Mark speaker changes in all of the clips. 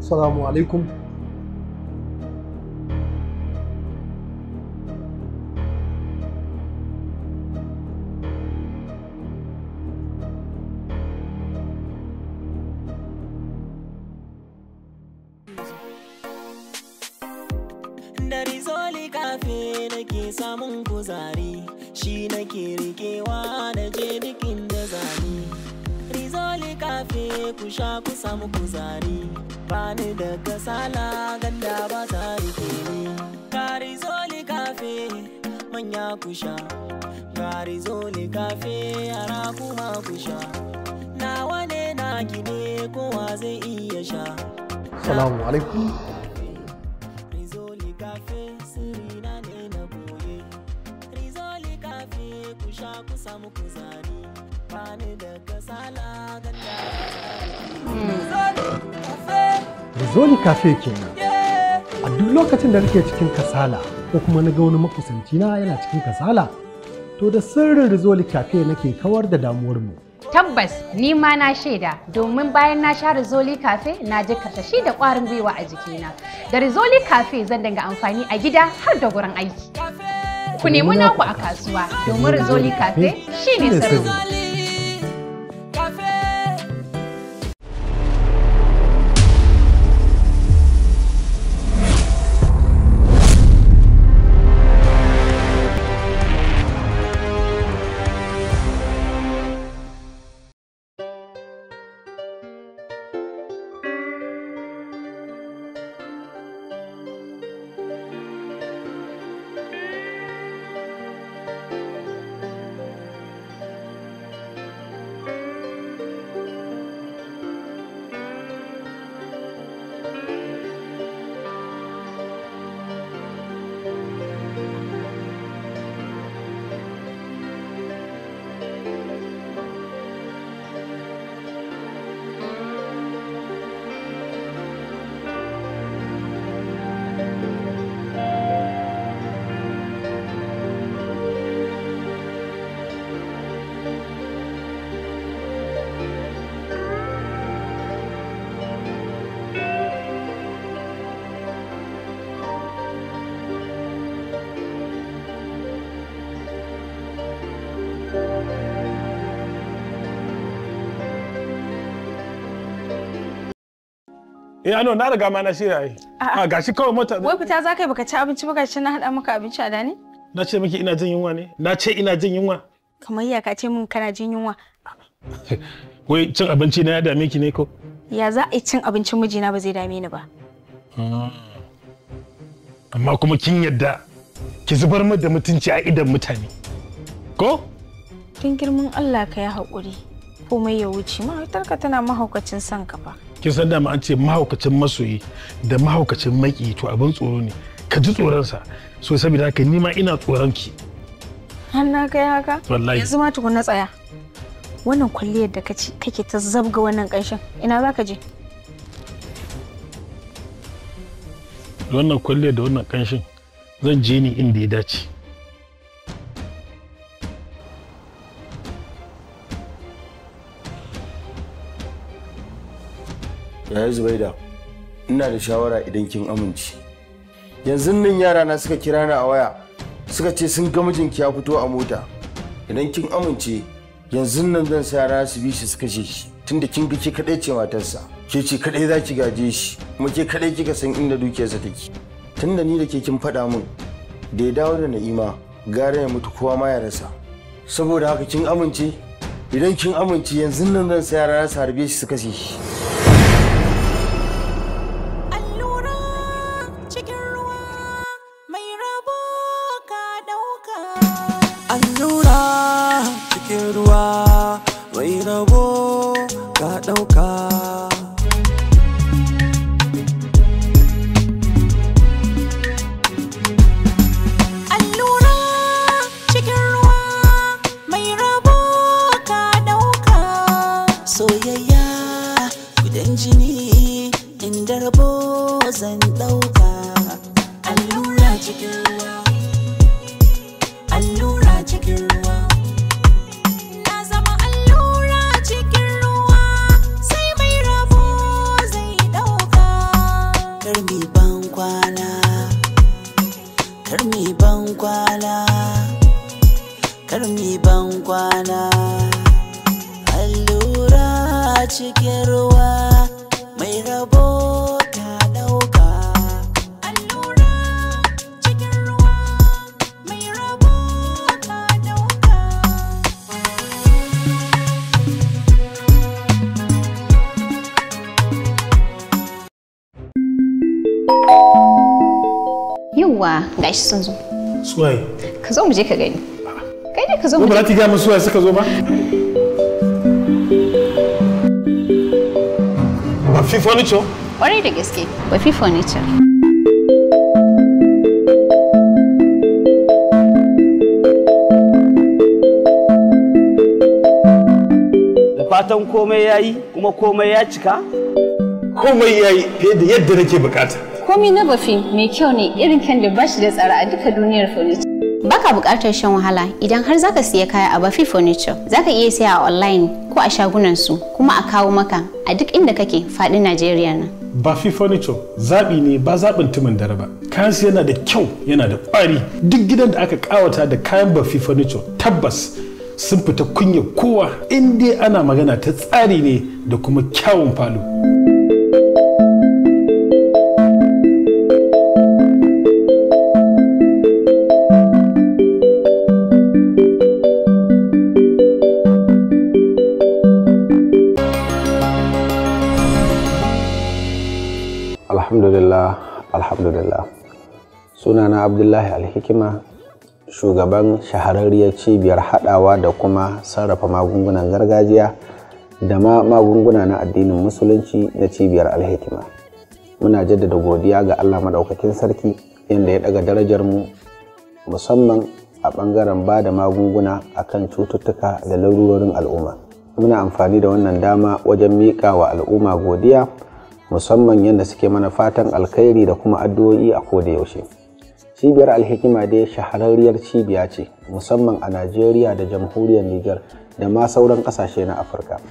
Speaker 1: Assalamu alaikum.
Speaker 2: Dari zoli nake samun kuzari shi nake rikewa na je dukin da zani. Rizoli kafe ku sha ku samu kuzari. bani da kasala ganda ba ta rike ni gari zoli kafe manya kusha gari zoli kafe yara kuma kusha nawa ne na gine kowa zai iya sha salamu
Speaker 1: alaikum rizoli kafe
Speaker 2: sirina ne na boye rizoli kafe ku sha ku samu kuzari
Speaker 3: zoni cafe kenan a duk lokacin da nake cikin kasala ko kuma na ga wani makusanci na yana cikin kasala to da sirrin rizoli cafe nake kawar da damuwar mu
Speaker 4: tabbas ni ma na shaida domin bayan na sha rizoli cafe na ji kasashi da kwarin gwiwa a jikina
Speaker 5: da rizoli cafe zan dinga amfani a gida har da gurin aiki ku nemi naku a kasuwa domin rizoli cafe shine sirri
Speaker 6: Eh ano na riga ma na shirya ai. Ah gashi kawai mota.
Speaker 7: Wai fita za kai baka ci abinci ba gashi na hada maka abinci a dani?
Speaker 6: Na ce miki ina jin yunwa ne? Na ce ina jin yunwa.
Speaker 7: Kamar ya ka ce min kana jin yunwa.
Speaker 6: Wai cin abinci na ya dame ki ne ko?
Speaker 7: Ya za a yi cin abincin mijina ba zai dame ni ba.
Speaker 6: Ah. Amma kuma kin yadda ki zubar mu da mutunci a idan mutane.
Speaker 7: Ko? Kin girman Allah ka ya haƙuri. Komai ya wuce mahaifarka tana mahaukacin son ka fa.
Speaker 6: kin san dama an ce mahaukacin masoyi da mahaukacin maki to abin tsoro ne ka ji tsoronsa so saboda haka ni ma ina tsoron ki
Speaker 7: har na kai haka wallahi yanzu ma tukun na tsaya wannan kwalliyar da kace kake ta zabga wannan kanshin ina zaka je
Speaker 6: wannan kwalliyar da wannan kanshin zan je ni inda ya dace
Speaker 8: Yaya Zubaida, ina da shawara idan kin amince. Yanzu nan yara na suka kira ni a waya suka ce sun ga mijinki ya fito a mota. Idan kin amince yanzu nan zan sa yara su bi shi suka kashe shi tunda kin ga ke kaɗai ce matarsa. Ke ce kaɗai za ki gaje shi kuma ke kaɗai kika san inda dukiyarsa take. Tunda ni da ke kin faɗa min da ya dawo da na'ima gara ya mutu kowa ma ya rasa. Saboda haka kin amince idan kin amince yanzu nan zan sa
Speaker 9: yara su harbe shi su kashe shi. allura cikin ruwa mai rabo ka ɗauka
Speaker 6: gaya musu wa suka zo ba ba fi furniture
Speaker 7: kwarai da gaske ba fi furniture
Speaker 10: da fatan komai ya yi kuma komai ya cika komai ya yi fiye da yadda nake bukata
Speaker 11: komi na bafi mai kyau ne irin kyan da bashi da tsara a duka duniyar furniture ka buƙatar shan wahala
Speaker 12: idan har zaka siya kaya a Bafi Furniture. Zaka iya siya a online ko a shagunan su kuma a kawo maka a duk inda kake faɗi Najeriya nan.
Speaker 6: Bafi Furniture zaɓi ne ba zaɓin tumin dare ba. kayan su yana da kyau yana da ƙwari. Duk gidan da aka ƙawata da kayan Bafi Furniture tabbas sun fita kunya kowa in dai ana magana ta tsari ne da kuma kyawun falo.
Speaker 13: alhamdulillah sunana abdullahi alhikima shugaban shahararriyar cibiyar hadawa da kuma sarrafa magungunan gargajiya da ma magunguna na addinin musulunci na cibiyar alhikima muna jaddada godiya ga allah maɗaukakin sarki yadda ya ɗaga darajar mu musamman a ɓangaren ba da magunguna a kan cututtuka da larurorin al'umma muna amfani da wannan dama wajen miƙa wa al'umma godiya musamman yadda suke mana fatan alkhairi da kuma addu'o'i a koda yaushe cibiyar alhikima dai shahararriyar cibiya ce musamman a najeriya da jamhuriyar niger da ma sauran ƙasashe na afirka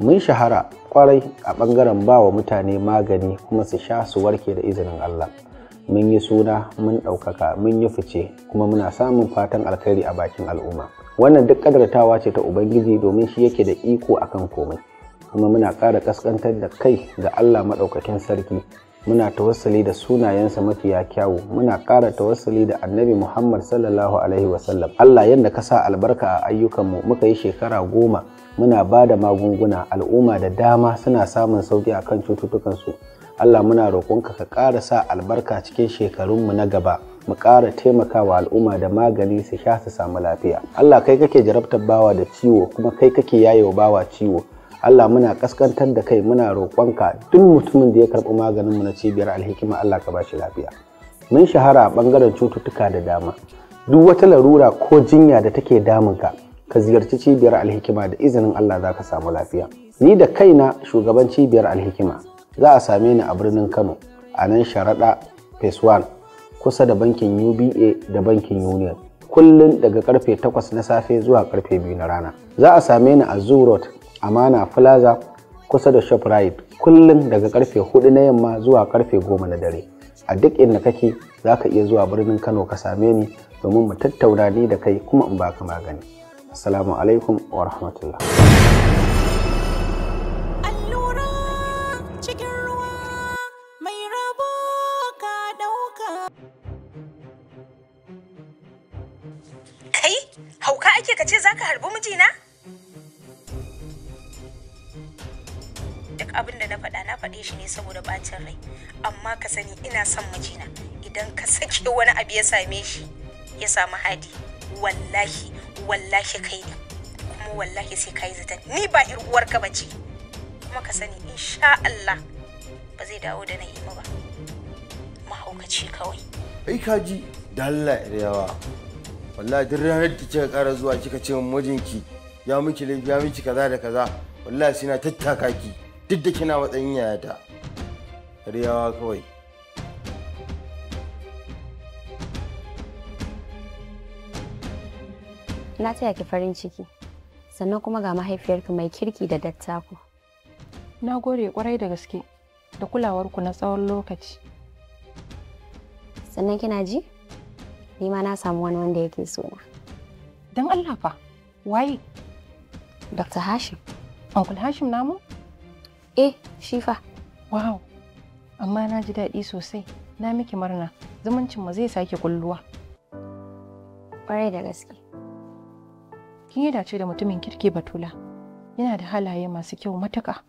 Speaker 13: mun shahara kwarai a bangaren ba wa mutane magani kuma su sha su warke da izinin allah mun yi suna mun ɗaukaka mun yi fice kuma muna samun fatan alkhairi a bakin al'umma wannan duk kadartawa ce ta ubangiji domin shi yake da iko akan komai kuma muna ƙara kaskantar da kai ga Allah maɗaukakin sarki muna tawassali da sunayensa mafiya kyawu muna ƙara tawassali da annabi Muhammad sallallahu alaihi wasallam Allah yadda ka sa albarka a ayyukanmu muka yi shekara goma muna ba da magunguna al'umma da dama suna samun sauki kan cututtukansu Allah muna roƙonka ka ƙara sa albarka cikin shekarunmu na gaba mu ƙara taimakawa al'umma da magani su sha su samu lafiya. Allah kai kake jarabtar bawa da ciwo kuma kai kake yayewa bawa ciwo. Allah muna kaskantar da kai muna roƙonka duk mutumin da ya karɓi maganin mu na cibiyar alhikima Allah ka bashi lafiya mun shahara ɓangaren cututtuka da dama duk wata larura ko jinya da take damun ka ka ziyarci cibiyar alhikima da izinin Allah za ka samu lafiya ni da kaina shugaban cibiyar alhikima za a same ni a birnin Kano a nan sharaɗa phase 1 kusa da bankin UBA da bankin Union kullum daga karfe 8 na safe zuwa karfe 2 na rana za a same ni a Zoo Road amana plaza kusa da shoprite kullum daga karfe 4 na yamma zuwa karfe 10 na dare a duk inda kake za ka iya zuwa birnin kano ka same ni domin mu tattauna ni da kai kuma in baka magani assalamu alaikum wa rahmatullah
Speaker 7: same shi ya samu hadi wallahi wallahi kai ne kuma wallahi sai kai zata ni ba ir uwarka bace kuma ka sani insha Allah ba zai dawo da na'ima ba
Speaker 2: mahaukaci kawai
Speaker 8: ai kaji da Allah yawa wallahi duk ranar da kika kara zuwa kika ce min mijinki ya miki laifi ya miki kaza da kaza wallahi sai na tattaka ki duk da kina matsayin yayata riyawa kawai
Speaker 12: Na taya ki farin ciki. Sannan kuma ga mahaifiyarki mai kirki da dattako. Na gode kwarai da gaske da kulawarku na tsawon lokaci. Sannan kina ji? Ni ma na samu wani wanda yake so na.
Speaker 5: Dan Allah fa,
Speaker 12: waye? Dr. Hashim. Uncle Hashim namu?
Speaker 5: Eh, shi fa. Wow. Amma na ji daɗi sosai. Na miki murna. Zumuncin mu zai sake kulluwa. Kwarai da gaske.
Speaker 12: kin yi dace da mutumin kirki batula yana da halaye masu kyau matuka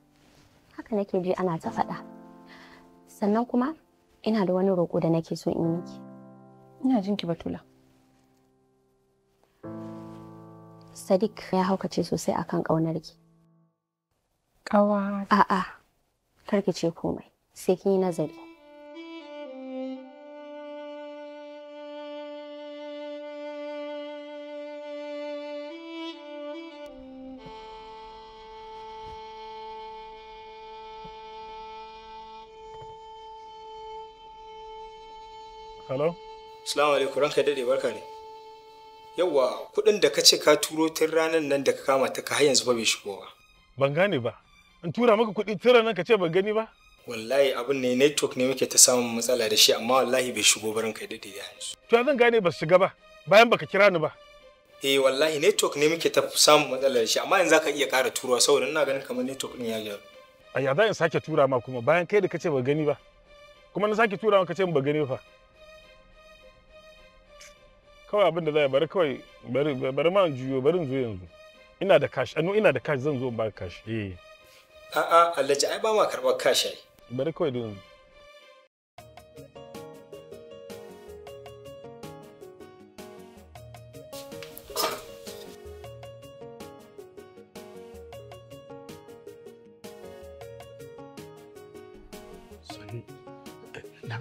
Speaker 12: haka nake ji ana ta faɗa sannan kuma ina da wani roƙo da nake so in miki ina jin ki batula sadiq ya haukace sosai akan ƙaunarki ƙawa a'a karki ce komai sai kin yi nazari
Speaker 6: hello
Speaker 14: salamu alaikum ranka dade barka ne yawwa kuɗin da ka ce ka turo tun ranar nan da ka kama ta ka har yanzu ba bai shigo ba
Speaker 6: ban gane ba in tura maka kuɗi tun nan ka ce ban gani ba
Speaker 14: wallahi abin ne network ne muke ta samun matsala da shi amma wallahi bai shigo barin ka dade da yanzu
Speaker 6: to zan gane ba shiga ba bayan baka kira ni ba
Speaker 14: eh wallahi network ne muke ta samun matsala da shi amma yanzu ka iya ƙara turawa saboda ina ganin kamar network ɗin ya
Speaker 6: gyaru a ya za in sake tura ma kuma bayan kai da kace ba gani ba kuma na sake tura ma kace ba gani ba kawai abin da za a bari kawai bari ma juyo bari zo yanzu ina da cash anu eh, ina da cash zan zo ba cash eh
Speaker 14: a'a alhaji ai ba ma karɓar cash ai
Speaker 6: bari kawai don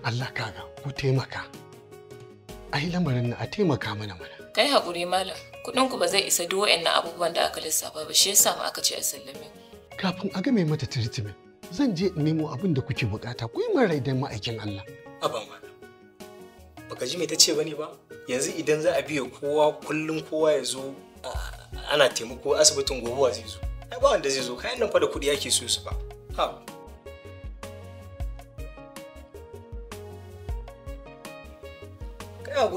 Speaker 1: Allah kaga ku taimaka. ai lamarin na a taimaka mana mana.
Speaker 5: Kai hakuri malam, kuɗin ku ba zai isa duk na abubuwan da aka lissafa ba shi yasa ma aka ce a sallame.
Speaker 1: Kafin a game mata tiritimin, zan je in nemo abin da kuke bukata ku yi min rai ma'aikin Allah.
Speaker 5: Aba
Speaker 14: malam, baka ji me ta ce bane ba? Yanzu idan za a biya kowa kullum kowa ya zo ana taimako asibitin gobuwa zai zo. Ai ba wanda zai zo kayan nan fa da kuɗi ake so su ba.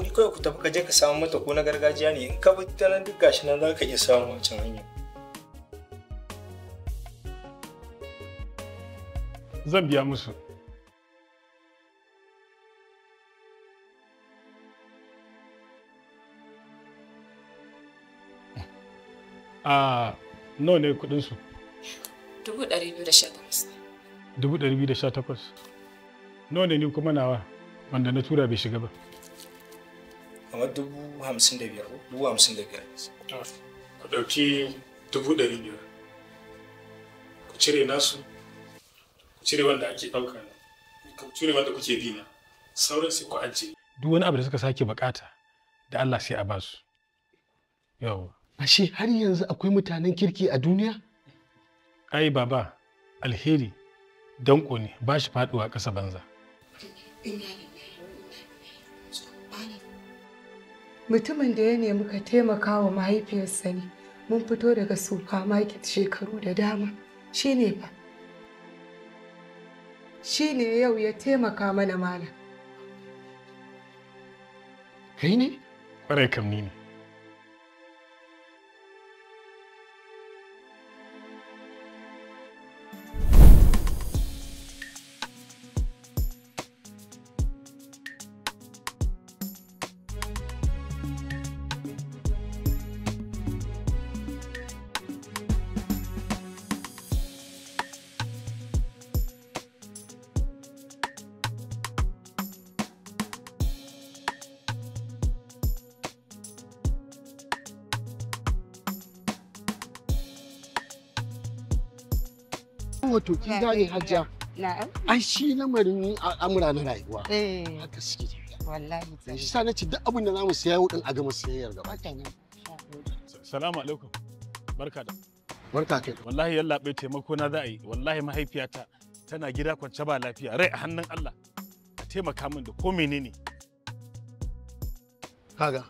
Speaker 14: wuri kawai ku tafi ka je ka samu mata ko na gargajiya ne in ka bi ta nan duk gashi nan za ka iya samu wancan hanya.
Speaker 6: Zan biya musu. A ah, nawa ne su.
Speaker 5: Dubu ɗari biyu da sha takwas.
Speaker 6: Dubu ɗari biyu da sha takwas. Nawa ne ni kuma nawa wanda na tura bai shiga ba?
Speaker 14: kamar dubu hamsin da biyar dubu hamsin da biyar
Speaker 6: ah, ku ɗauki dubu ɗari biyar ku cire nasu ku cire wanda ake ɗauka ku cire wanda kuke bi na sauran sai ku ajiye duk wani abu da suka sake bukata da Allah sai a basu yawa ashe
Speaker 1: har yanzu akwai mutanen
Speaker 6: kirki a duniya ai baba alheri danko ne ba shi faduwa ƙasa banza
Speaker 15: mutumin da ya nemi ka taimaka wa mahaifiyarsa ne mun fito daga market shekaru da dama shi ne fa shi ne yau ya taimaka mana malam
Speaker 6: kai ne? kwarai ne
Speaker 1: to kin gane hajja ai shi lamarin amura na rayuwa
Speaker 15: eh. haka suke wallahi
Speaker 6: sai shi sa duk abin da zamu siya yau din a gama siyayyar gaba salamu alaikum barka da barka kai wallahi yalla bai taimako na za a yi wallahi mahaifiyata tana gida kwance ba lafiya rai a hannun Allah a taimaka min da ko menene kaga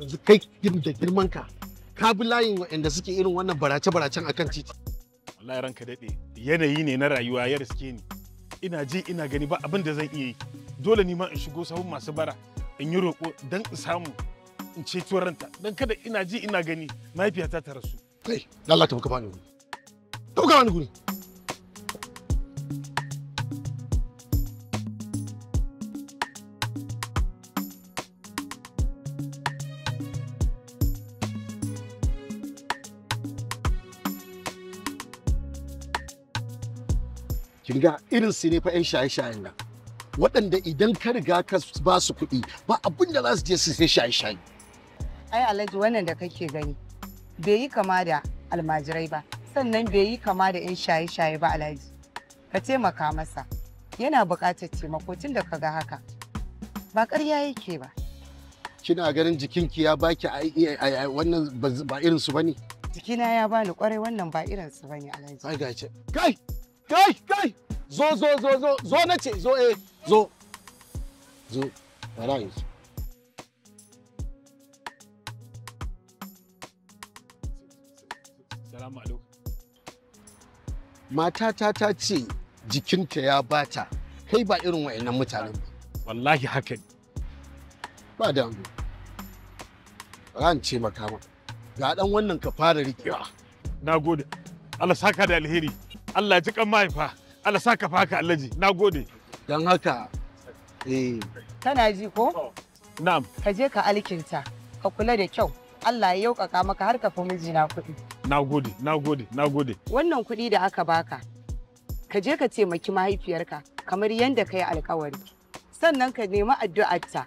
Speaker 6: yanzu
Speaker 1: kai da girman ka
Speaker 6: ka bi layin waɗanda suke irin wannan barace-baracen akan titi wallahi ranka daɗe yanayi ne na rayuwa ya riske ni ina ji ina gani ba abin da zan iya yi dole ne ma in shigo sahun masu bara in yi roƙo don in samu in ceto ranta don kada ina ji ina gani mahaifiyata ta rasu kai
Speaker 1: lalata ka bani guri ka bani guri kin ga irin su ne fa yan shaye-shayen nan waɗanda idan ka riga ka ba su kuɗi ba abin da za su je su sai shaye-shaye
Speaker 15: ai alhaji wannan da kake gani bai yi kama da almajirai ba sannan bai yi kama da yan shaye-shaye ba alhaji ka taimaka masa yana buƙatar taimako tun da ka ga haka ba ƙarya yake ba
Speaker 1: kina ganin jikinki ya baki wannan ba irin su bane
Speaker 15: jikina ya bani kwarai wannan ba irin su bane alhaji
Speaker 1: ai kai kai kai zo zo zo zo zo na ce zo eh zo zo bara yi salamu alaikum matata ta ce jikinta ya bata kai ba irin wa'annan mutanen ba wallahi haka ne ba da ran ce makama
Speaker 6: ga dan wannan ka fara rikewa na gode Allah saka da alheri Allah ji kan mahaifa Allah saka faka Alhaji na gode don haka eh
Speaker 15: kana ji ko na'am ka je ka alkinta ka kula da kyau Allah ya yaukaka maka har ka fi mijina kuɗi
Speaker 6: na gode na gode na gode
Speaker 15: wannan kuɗi da aka baka ka je ka taimaki mahaifiyarka kamar yadda ka yi alkawari sannan ka nemi addu'arta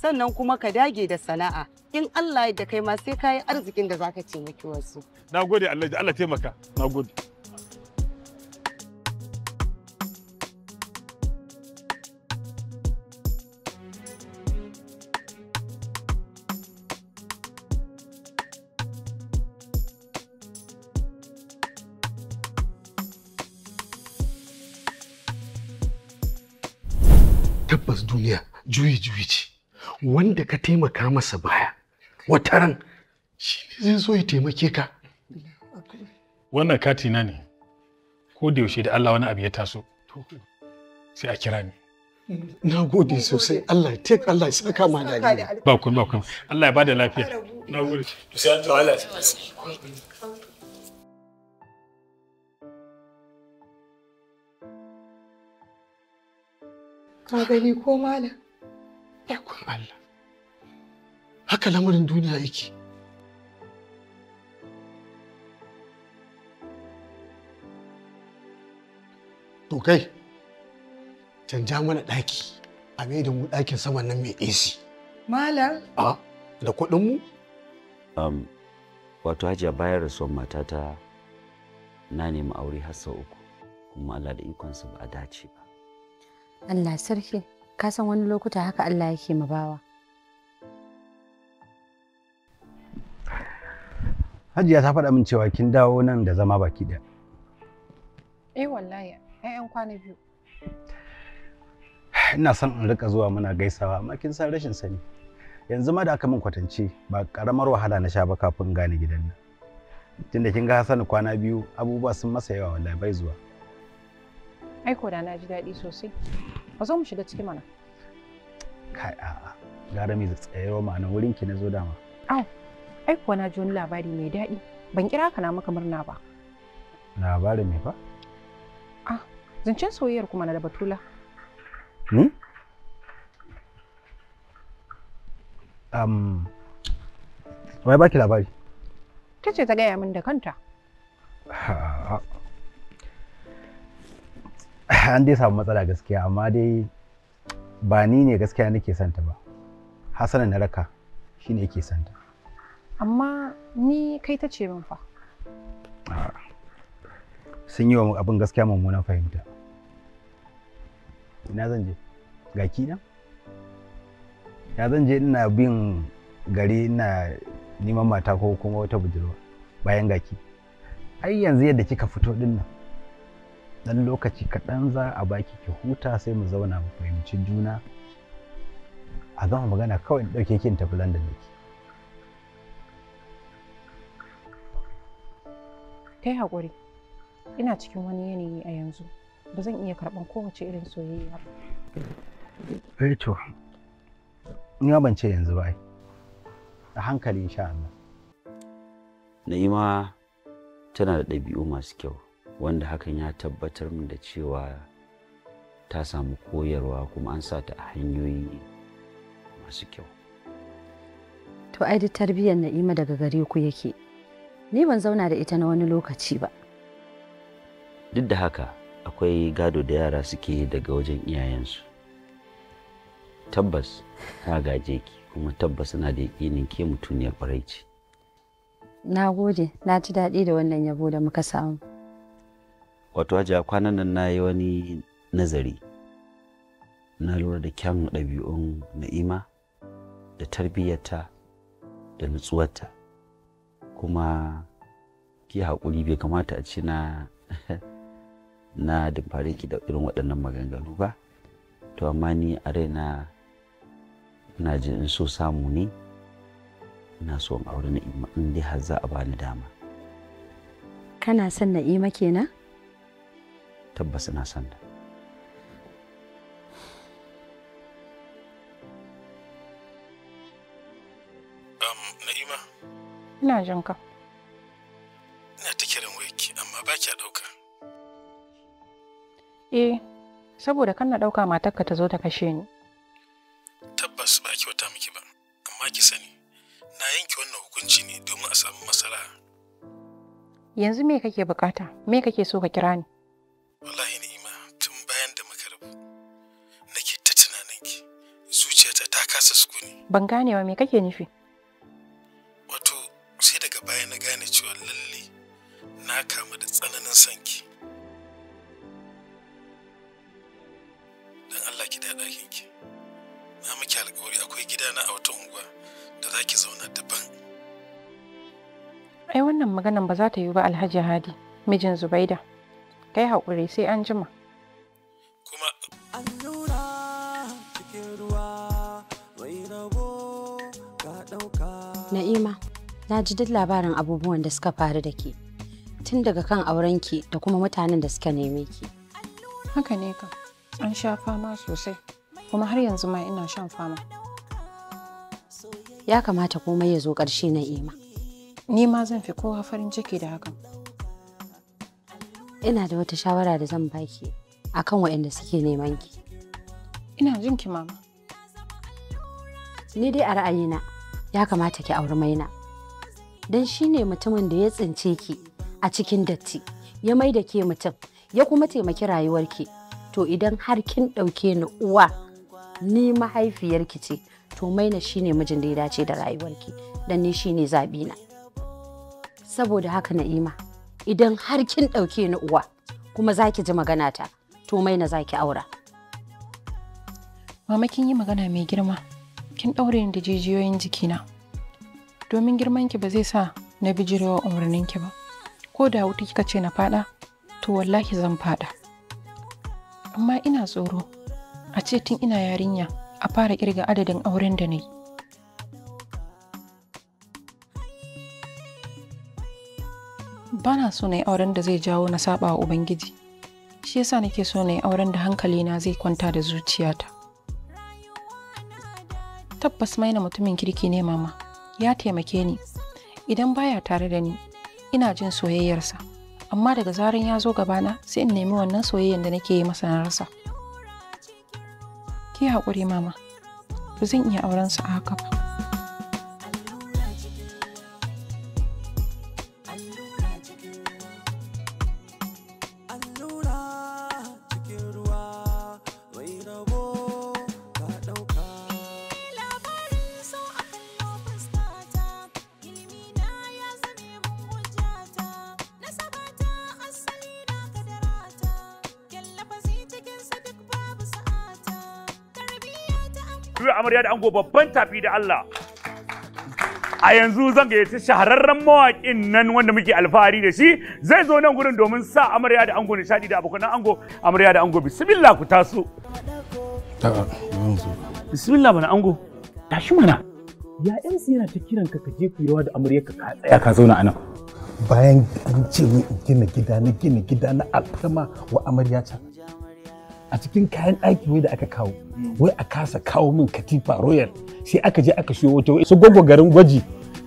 Speaker 15: sannan kuma ka dage da sana'a in Allah ya da kai ma sai ka yi arzikin da zaka taimaki wasu
Speaker 6: na gode Allah Allah taimaka na gode
Speaker 1: wanda ka taimaka masa baya wata ran shi ne zai zo ya taimake ka
Speaker 6: wannan kati na ne ko da yaushe da Allah wani abu ya taso sai a kira ni na gode sosai Allah ya tek Allah ya saka ma da ba kun ba kun Allah ya bada lafiya na gode sai an Allah
Speaker 15: ka gani ko malam
Speaker 1: Ikon Allah. Haka lamarin duniya yake. To kai, canja mana ɗaki a mai da mu ɗakin saman nan mai AC. Malam? A, da kuɗinmu?
Speaker 10: Um, wato hajiya bayan rasuwar matata na nemi aure har sau uku, kuma Allah da ikonsa ba a dace ba.
Speaker 4: Allah sarki. ka san wani lokuta haka Allah yake ma bawa
Speaker 16: Hajiya ta faɗa min cewa kin dawo nan da zama baki ɗaya.
Speaker 5: Eh wallahi, ai ƴan kwana biyu.
Speaker 16: Ina son in rika zuwa muna gaisawa amma kin san rashin sani. Yanzu ma da aka min kwatance ba karamar wahala na sha ba kafin gane gidan nan. Tunda kin ga Hassan kwana biyu abubuwa sun masa yawa wallahi bai zuwa.
Speaker 5: Ai da na ji daɗi sosai. ba zo mu shiga ciki mana
Speaker 16: kai a gara mai tsayawa ma na wurin ki na zo dama
Speaker 5: au ai kuwa na ji wani labari mai daɗi ban kira ka na maka murna ba
Speaker 16: labarin me fa a
Speaker 5: ah, zancen soyayyar kuma na da batula
Speaker 16: hmm? um, wai baki labari
Speaker 5: ta ce ta gaya min da kanta
Speaker 16: an dai samu matsala gaskiya amma dai ba ni ne gaskiya nake santa ba hasana na raka shi ne yake santa
Speaker 5: amma ni kai ta ce min fa
Speaker 16: sun yi wa abin gaskiya mummunan fahimta ina zan je ga kina ya zan je ina bin gari ina neman mata ko kuma wata budurwa bayan gaki ai yanzu yadda kika fito din nan Dan lokaci kaɗan za a baki ki huta sai mu zauna mu fahimci juna a gama magana kawai in ɗauke kin tafi London da ke.
Speaker 5: Kai haƙuri, ina cikin wani yanayi a yanzu, ba zan iya karɓan kowace irin soyayya ba.
Speaker 1: Eh
Speaker 16: ni ban ce yanzu ba a hankali sha Allah.
Speaker 10: Na'ima tana da ɗabi'u masu kyau. wanda hakan ya tabbatar min da cewa ta samu koyarwa kuma an sa ta a hanyoyi masu kyau
Speaker 4: to ai da tarbiyyar na'ima daga gare ku yake ni ban zauna da ita na wani lokaci ba
Speaker 10: duk da haka akwai gado da yara suke daga wajen iyayensu tabbas na gaje ki kuma tabbas na da yakinin ke mutuniyar ƙwarai ce
Speaker 4: na gode na ci daɗi da wannan yabo da muka samu
Speaker 10: wato hajiya kwanan nan na yi wani nazari na lura da kyan ɗabi'un na'ima da tarbiyyarta da nutsuwarta kuma ki haƙuri bai kamata a ci na na dimfare ki da irin waɗannan maganganu ba to amma ni a raina na ji in so samu ne ina so in aure na'ima in dai har za a bani dama
Speaker 4: kana son na'ima kenan
Speaker 10: tabbas ina son da.
Speaker 5: Na'ima. Ina jin ka. Ina ta kiran wayarki amma ba kya ɗauka. Eh, saboda kan na ɗauka matarka ta zo ta kashe ni.
Speaker 6: Tabbas ba kyauta miki ba, amma ki sani,
Speaker 5: na yanke wannan
Speaker 6: hukunci ne domin a samu masala.
Speaker 5: Yanzu me kake bukata? Me kake so ka kira ni?
Speaker 6: kasa sukuni.
Speaker 5: Ban gane wa me kake nufi?
Speaker 6: Wato sai daga baya na gane cewa lalle na kama da tsananin sanki. Dan Allah ki da ɗakin ki. Na miki alƙawari akwai gida na a wata unguwa
Speaker 5: da za ki zauna daban. Ai wannan maganan ba za ta yi ba Alhaji Hadi, mijin Zubaida. Kai haƙuri sai an jima. Na'ima, na
Speaker 4: ji duk labarin abubuwan da suka faru da ke, tun daga kan aurenki da kuma mutanen da suka neme ki.
Speaker 5: Haka ne ka, an sha fama sosai, kuma har yanzu ma ina shan fama.
Speaker 4: Ya kamata komai ya zo ƙarshe Na'ima.
Speaker 5: Ni ma zan fi kowa farin ciki da hakan. Ina da wata shawara da zan baki
Speaker 4: a kan waɗanda suke neman ki.
Speaker 5: Ina jin ki mama.
Speaker 4: Ni dai a ra'ayina ya kamata ki auri maina don shi ne mutumin da ya tsince ki a cikin datti ya mai da ke mutum ya kuma taimaki rayuwarki to idan har kin ɗauke ni uwa ni mahaifiyarki ce to maina shi ne mijin da ya dace da rayuwarki don ni shi ne na. saboda haka na'ima idan har kin ɗauke ni uwa kuma za ki ji ta to maina za ki aura
Speaker 5: mama kin yi magana mai girma kin ɗaure da jijiyoyin jikina domin girmanki ba zai sa na bijirewa ki ba ko da wuta kika ce na faɗa to wallahi zan faɗa amma ina tsoro a ce tun ina yarinya a fara kirga adadin auren da na yi ba na so na yi auren da zai jawo na saba wa ubangiji shi yasa nake so na yi auren da hankalina zai kwanta da zuciyata tabbas maina mutumin kirki ne mama ya taimake ni idan baya tare da ni ina jin soyayyarsa amma daga zaran ya zo gabana sai in nemi wannan soyayyar da nake yi masa na rasa ki haƙuri mama ba zan iya auren sa a haka ba
Speaker 6: ango babban tafi da Allah a yanzu zan gayyaci shahararren mawaƙin nan wanda muke alfahari da shi zai zo nan gurin domin sa amarya da ango nishadi da abokan ango amarya da ango bismillah ku taso
Speaker 3: bismillah bana ango tashi mana ya MC yana ta kiran ka ka je ku rawa da amarya ka tsaya ka zauna a
Speaker 6: nan bayan an ce ni in gina gida na gina gida na alfama wa amarya can. a cikin kayan aiki wai da aka kawo wai a kasa kawo min katifa royal sai aka je aka siyo wata su gogo garin gwaji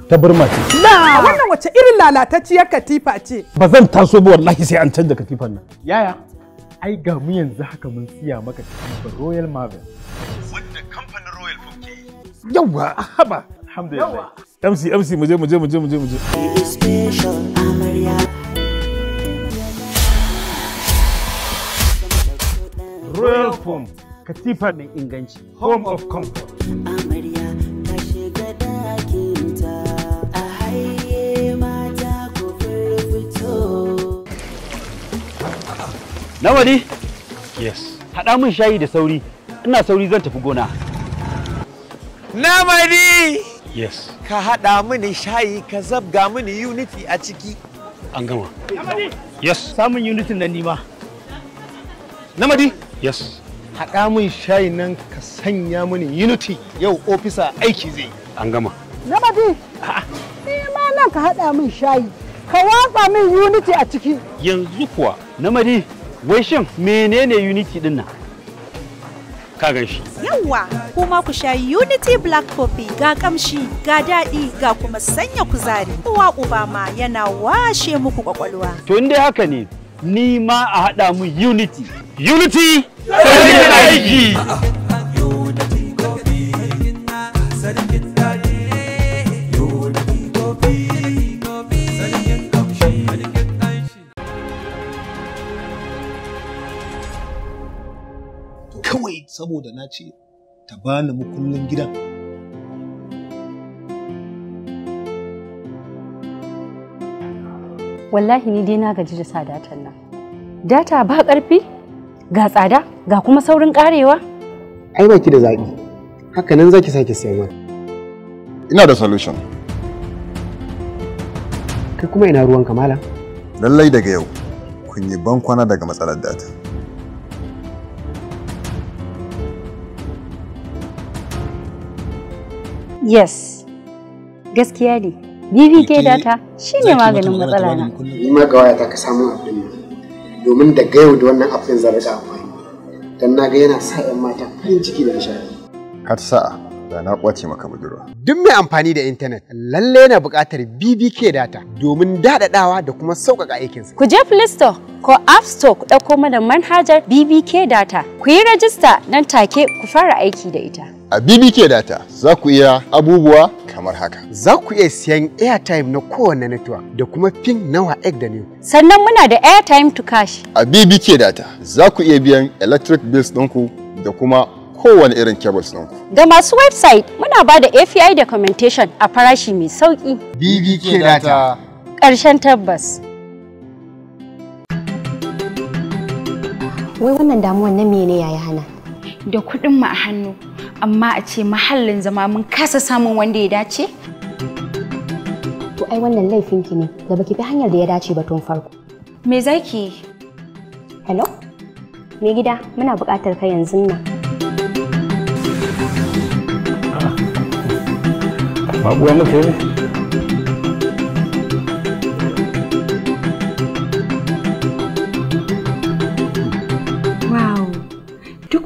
Speaker 6: ta burma ce
Speaker 16: wannan wace irin lalatacciyar katifa ce
Speaker 6: ba zan taso ba wallahi sai an canza katifan nan
Speaker 16: yaya
Speaker 3: ai
Speaker 6: ga mu yanzu
Speaker 3: haka mun siya maka katifa royal marvel wanda kamfanin
Speaker 6: royal ke Yawa a haba alhamdulillah mc mc mu je mu je mu je mu je mu je
Speaker 14: royal form katifa mai inganci home of comfort amarya
Speaker 2: ta shiga dakinta a haye mata ku fito
Speaker 10: nawa ne yes haɗa min shayi da sauri ina sauri zan tafi gona
Speaker 9: nama ne yes ka haɗa mini shayi ka zabga mini unity a ciki
Speaker 3: an gama yes samun
Speaker 9: unity na nima
Speaker 3: namadi yes haɗa min shayi nan ka sanya mini unity yau ofisa aiki zai an gama namadi
Speaker 2: ni ma
Speaker 15: nan
Speaker 10: ka haɗa min shayi ka watsa min unity a ciki
Speaker 3: yanzu kuwa namadi
Speaker 10: wai shin menene unity din nan ka gan shi
Speaker 2: yawa
Speaker 7: kuma ku sha unity black coffee ga kamshi ga daɗi ga kuma sanya kuzari uwa uba yana washe muku kwakwalwa
Speaker 10: to dai haka ne ni ma a haɗa
Speaker 1: mu unity unity sarkin
Speaker 2: aiki
Speaker 16: kawai saboda na ce
Speaker 2: ta bani
Speaker 3: mukullin gidan
Speaker 4: wallahi ni dai na gaji da sa datan nan data ba ƙarfi ga tsada ga kuma saurin ƙarewa
Speaker 1: ai baki da zaɓi haka nan zaki sake siyan wani ina da solution kai kuma ina ruwan kamala
Speaker 8: lallai daga yau kun yi bankwana daga matsalar
Speaker 13: data
Speaker 4: yes gaskiya ne BBK data shine maganin matsala na.
Speaker 1: Ni ma ga ta ka samu abin nan. Domin daga yau da wannan abin zan rika amfani. Dan na ga yana sa 'yan mata farin ciki da nishaɗi.
Speaker 8: Har sa'a da na kwace maka budurwa.
Speaker 1: Duk mai amfani da intanet lalle yana buƙatar BBK data domin daɗaɗawa da kuma sauƙaƙa aikinsa. Ku je Play Store ko App Store ku
Speaker 4: ɗauko mana manhajar BBK data. Ku yi rajista nan take ku fara aiki da ita.
Speaker 1: A BBK Data za ku iya abubuwa kamar haka. Za ku iya siyan airtime na kowane network da kuma pin nawa egg da NEW.
Speaker 12: Sannan muna da airtime to cash.
Speaker 1: A BBK Data za ku iya biyan electric bills ɗinku da kuma kowane irin cables ɗinku.
Speaker 4: Ga masu website muna ba da API documentation a farashi mai sauƙi.
Speaker 1: BBK Data.
Speaker 12: Ƙarshen tabbas. Wai wannan damuwan na mene ya hana? Da kuɗin mu a hannu amma
Speaker 4: a ce mahallin zama mun kasa samun wanda ya dace?
Speaker 12: To ai wannan laifinki ne da baki bi hanyar da ya dace ba tun farko. Me zaki? Hello? Me gida muna buƙatar ka yanzu nan.
Speaker 6: Babu wani kai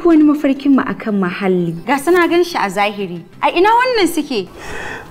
Speaker 7: wani mafarkin mu akan mahalli. Ga suna
Speaker 4: gan shi a zahiri. A ina wannan suke?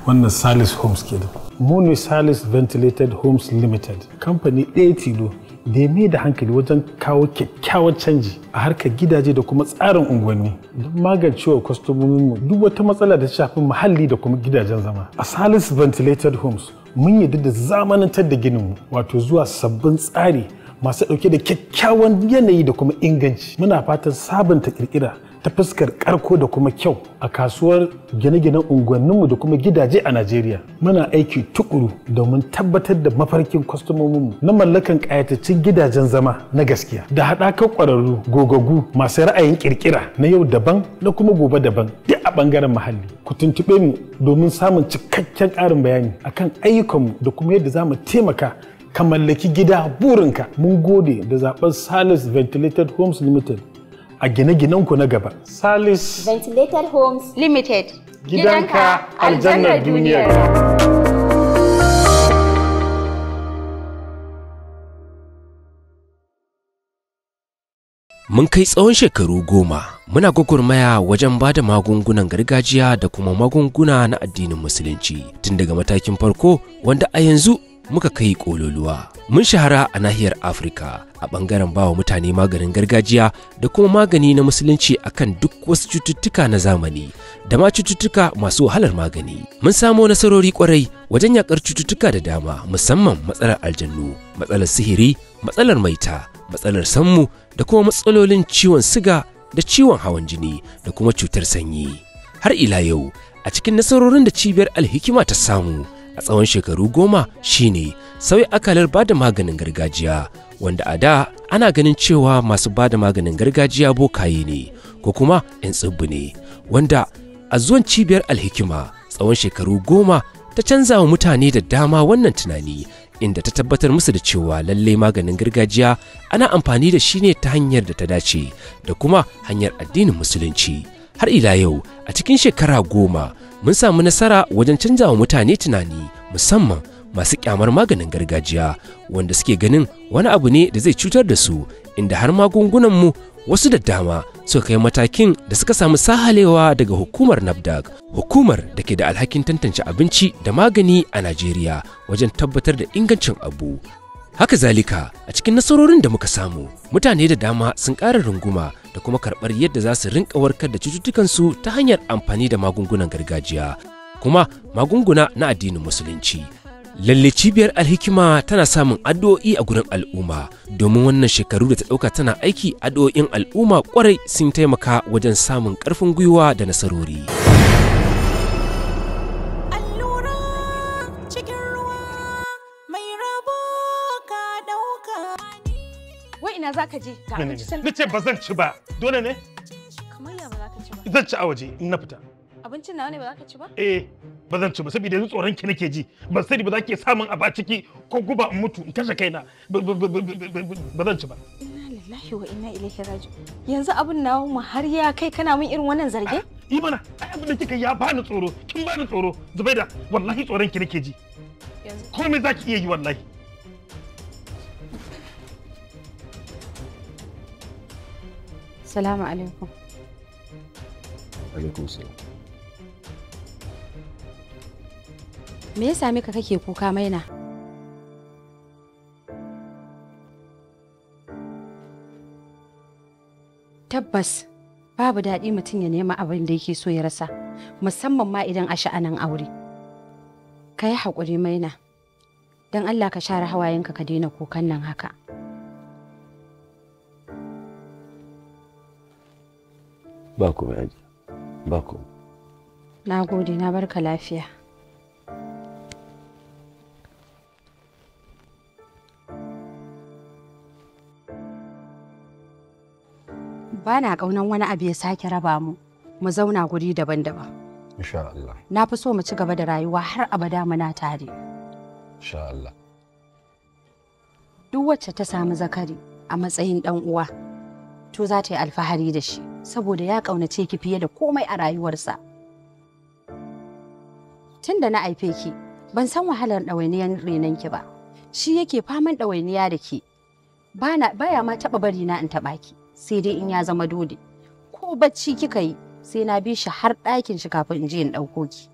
Speaker 6: Wannan Salis Homes ke da. Mu Salis Ventilated Homes Limited. Kamfani ɗaya tilo da ya mai da hankali wajen kawo kyakkyawan canji a harkar gidaje da kuma tsarin unguwanni don magancewa mu duk wata matsala da shafin muhalli da kuma gidajen zama a salis ventilated homes mun yi da zamanantar da gininmu wato zuwa sabbin tsari masu ɗauke da kyakkyawan yanayi da kuma inganci muna fatan sabunta ƙirƙira ta fuskar ƙarko da kuma kyau a kasuwar gine-ginen unguwanninmu da kuma gidaje a najeriya muna aiki tukuru domin tabbatar da mafarkin kwastomominmu na mallakan ƙayatattun gidajen zama na gaskiya da haɗakar ƙwararru gogagu masu ra'ayin ƙirƙira na yau daban na kuma gobe daban duk a ɓangaren muhalli ku tuntuɓe mu domin samun cikakken ƙarin bayani akan ayyukanmu da kuma yadda za mu taimaka ka mallaki gida burinka mun gode da zaɓar salis ventilated homes limited a gine-ginenku na gaba
Speaker 12: salis ventilated homes limited
Speaker 2: gidanka aljannar duniyar
Speaker 17: Mun kai tsawon shekaru goma muna gwagwarmaya wajen ba da magungunan gargajiya da kuma magunguna na addinin musulunci tun daga matakin farko wanda a yanzu muka kai kololuwa. Mun shahara a nahiyar Afirka a bangaren bawa mutane maganin gargajiya da kuma magani na musulunci akan duk wasu cututtuka na zamani da ma cututtuka masu wahalar magani. Mun samo nasarori kwarai wajen yakar cututtuka da dama musamman matsalar aljannu, matsalar sihiri, matsalar maita, matsalar sammu da kuma matsalolin ciwon siga da ciwon hawan jini da kuma cutar sanyi. Har ila yau, a cikin nasarorin da cibiyar alhikima ta samu a tsawon shekaru goma shine sauya akalar bada maganin gargajiya wanda a da ana ganin cewa masu bada maganin gargajiya bokaye ne ko kuma 'yan tsibbu ne wanda a zuwan cibiyar alhikima tsawon shekaru goma ta canza wa mutane da dama wannan tunani inda ta tabbatar musu da cewa lalle maganin gargajiya ana amfani da shi ne ta hanyar da ta dace da kuma hanyar addinin musulunci har ila yau a cikin shekara goma mun samu nasara wajen wa mutane tunani musamman masu kyamar maganin gargajiya wanda suke ganin wani abu ne da zai cutar da su inda har magungunanmu wasu da dama suka kai matakin da suka samu sahalewa daga hukumar nafdag hukumar da ke da alhakin tantance abinci da magani a najeriya wajen tabbatar da ingancin abu haka zalika a cikin nasarorin da muka samu mutane da dama sun ƙara runguma da kuma karɓar yadda za su rinka warkar da cututtukansu ta hanyar amfani da magungunan gargajiya kuma magunguna na addinin musulunci lalle cibiyar alhikima tana samun addu'o'i a gurin al'umma domin wannan shekaru da ta ɗauka tana aiki addu'o'in al'umma kwarai sun taimaka wajen samun ƙarfin gwiwa da nasarori.
Speaker 7: ina za ka je ga abinci can.
Speaker 6: Nace ba zan ci ba. Dole ne?
Speaker 7: Kamar ya ba za ka ci ba.
Speaker 6: Zan ci a waje in na fita.
Speaker 7: Abincin nawa ne ba za ka ci ba? Eh,
Speaker 6: ba zan ci ba saboda yanzu tsoron ki nake ji. Ban sani ba za ki samun a ba ciki ko guba in mutu in kashe kaina. Ba zan ci ba.
Speaker 7: Inna lillahi wa inna ilaihi raji Yanzu abin nawa mu har ya kai kana min irin wannan zarge? Ah, yi mana,
Speaker 6: ai abin da kika ya bani tsoro, kin bani tsoro. Zubaida, wallahi tsoron ki nake ji. Komai za ki iya yi wallahi.
Speaker 4: Assalamu Me ya same ka kake kuka maina? Tabbas babu daɗi mutum ya nema abin da yake so ya rasa, musamman ma idan a sha'anan aure. Ka yi haƙuri maina, don Allah ka share hawayenka ka daina kukan nan haka.
Speaker 18: ba ku mai ba ku
Speaker 4: na gode na barka lafiya ba na ƙaunan wani abu ya sake raba mu mu zauna guri daban-daban
Speaker 18: insha Allah
Speaker 4: na fi so mu ci gaba da rayuwa har abada muna tare insha Allah duk wacce ta samu zakari a matsayin ɗan uwa to za ta yi alfahari da shi saboda ya ƙaunace ki fiye da komai a rayuwarsa. Tun da na haife ki, ban san wahalar ɗawainiyar renon ki ba. Shi yake faman ɗawainiya da ke. Bana baya ma taɓa bari na in taɓa ki, sai dai in ya zama dole. Ko bacci kika yi, sai na bi shi har ɗakin
Speaker 5: shi kafin in je in ɗauko ki.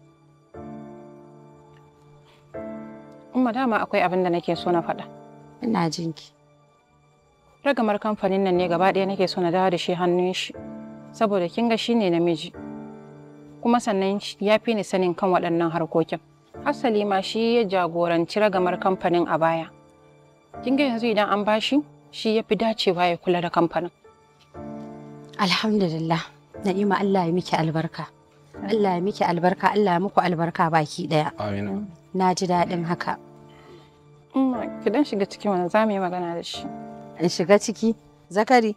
Speaker 5: Umma dama akwai abin da nake so na faɗa. Ina jinki. Ragamar kamfanin nan ne gaba ɗaya nake so na dawo da shi hannun shi. saboda kin ga shine namiji kuma sannan ya fi ni sanin kan waɗannan harkokin asali ma shi ya jagoranci ragamar kamfanin a baya kin ga yanzu idan an bashi shi ya fi dacewa ya kula da kamfanin alhamdulillah na'ima Allah ya miki albarka
Speaker 4: Allah ya miki albarka Allah ya muku albarka baki daya Amin. na ji daɗin haka ki shiga ciki wani za mu yi magana da shi in shiga ciki zakari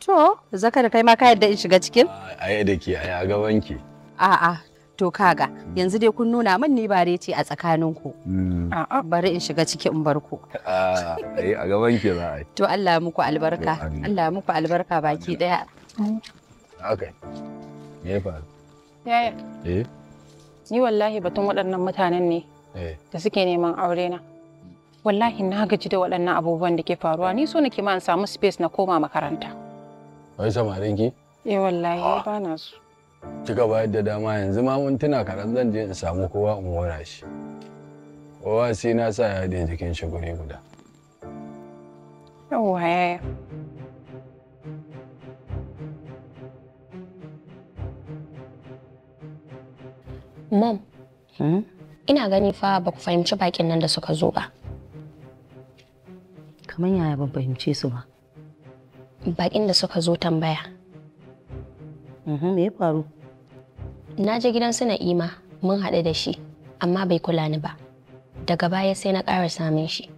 Speaker 4: To, zakar kai ma ka yadda in shiga cikin?
Speaker 18: Ai da ke a gaban ki.
Speaker 4: A'a, to kaga mm. yanzu dai kun nuna min ni bare ce a tsakanin ku. Mm. A'a, bari in shiga cikin in barku.
Speaker 18: Ai a gaban ki za yi.
Speaker 4: To Allah muku albarka. Allah
Speaker 5: muku albarka baki daya.
Speaker 18: Okay. Me faru? Yaya. Eh.
Speaker 5: Ni wallahi batun waɗannan mutanen ne. Eh. Da suke neman aure na. wallahi na gaji da waɗannan abubuwan da ke faruwa ni so nake ma in samu space na koma makaranta
Speaker 18: Wai samarin ki?
Speaker 5: Eh wallahi ba na
Speaker 18: Ki ga bayar da dama yanzu ma mun tuna karan zan je in samu kowa in wara shi. Kowa sai na sa ya da jikin shi guri guda.
Speaker 5: Yawwa yaya.
Speaker 12: Mom, hmm? ina gani fa ba ku fahimci bakin nan da suka
Speaker 19: zo ba. Kamar yaya ban fahimce su ba. baƙin da suka zo tambaya. Mhm, me ya faru?
Speaker 12: Na je gidan su Na'ima mun haɗu da shi, amma bai kula ni ba. Daga baya sai na ƙara samun shi.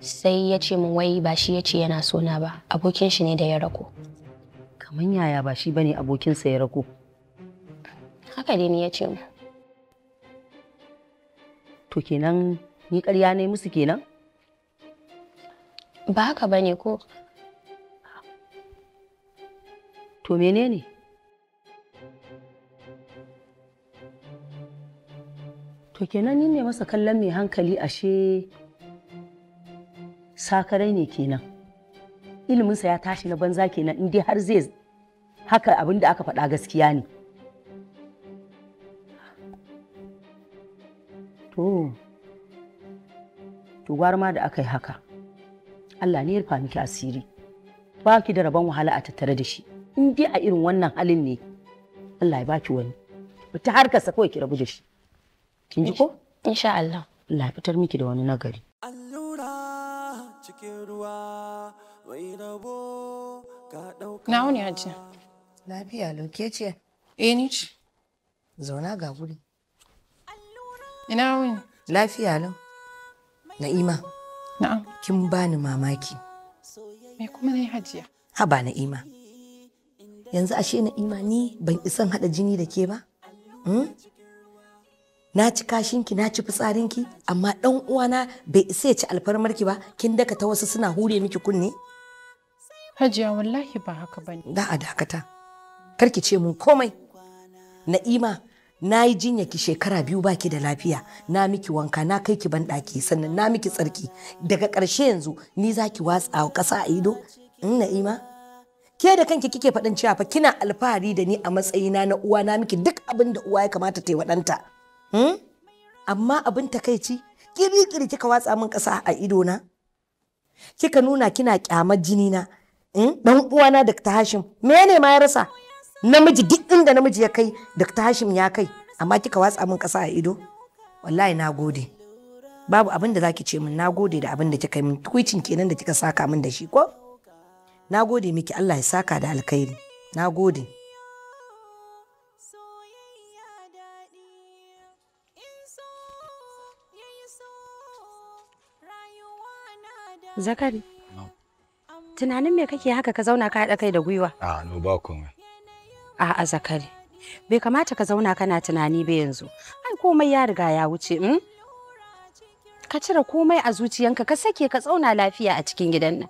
Speaker 12: Sai ya ce min wai ba shi ya ce yana sona ba,
Speaker 19: abokin shi ne da ya rako. Kaman yaya ba shi bane abokinsa ya rako? Haka dai ni ya ce mu. To kenan ni ƙarya ne musu kenan? Ba haka bane ko to menene to kenan ni ne masa kallon mai hankali ashe sakarai ne kenan iliminsa ya tashi na banza kenan in dai har zai haka abin da aka faɗa gaskiya ne to to ma da aka yi haka Allah ne ya rufa miki asiri ba ki da rabon wahala a tattare da shi in dai a irin wannan halin ne Allah ya baki wani ta harkar sa kawai ki rabu da shi kin ji ko insha Allah Allah ya fitar miki da wani nagari allura cikin
Speaker 9: ruwa wai rabo
Speaker 19: ka dauka na wani hajji lafiya loke eh ni ce
Speaker 20: zauna ga guri ina wuni lafiya lau na'ima na'am kin bani mamaki me kuma ne hajiya haba na'ima yanzu ashe na imani ban isan haɗa jini da ke ba hmm? na ci kashinki na ci fitsarinki amma ɗan uwana bai isa ya ci alfarmarki ba kin daka ta wasu suna hure miki kunne hajiya wallahi ba haka bane da a dakata karki ce mun komai na'ima na yi ki shekara biyu baki da lafiya na miki wanka na kai ki banɗaki sannan na miki tsarki daga karshe yanzu ni zaki ki watsa ƙasa a ido in hmm, na'ima ke da kanki kike faɗin cewa fa kina alfahari da ni a matsayina na uwa na miki duk abin da uwa ya kamata ta yi waɗanta hmm? amma abin takaici kiri kika watsa min kasa a idona kika nuna kina kyamar jinina dan hmm? uwana Dr. Hashim mene ma ya rasa namiji duk inda namiji ya kai Dr. Hashim ya kai amma kika watsa min kasa a ido wallahi na gode babu abin da zaki ce min na gode da abin da kika min tukwicin kenan da kika saka min da shi ko na gode miki Allah ya saka da alkhairi na gode
Speaker 4: zakari tunanin me kake haka ka zauna ka haɗa kai da gwiwa
Speaker 18: a no ba komai
Speaker 4: a a zakari bai kamata ka zauna kana tunani ba yanzu ai komai ya riga ya wuce hmm? ka cire komai a zuciyanka ka sake ka tsauna lafiya a cikin gidan nan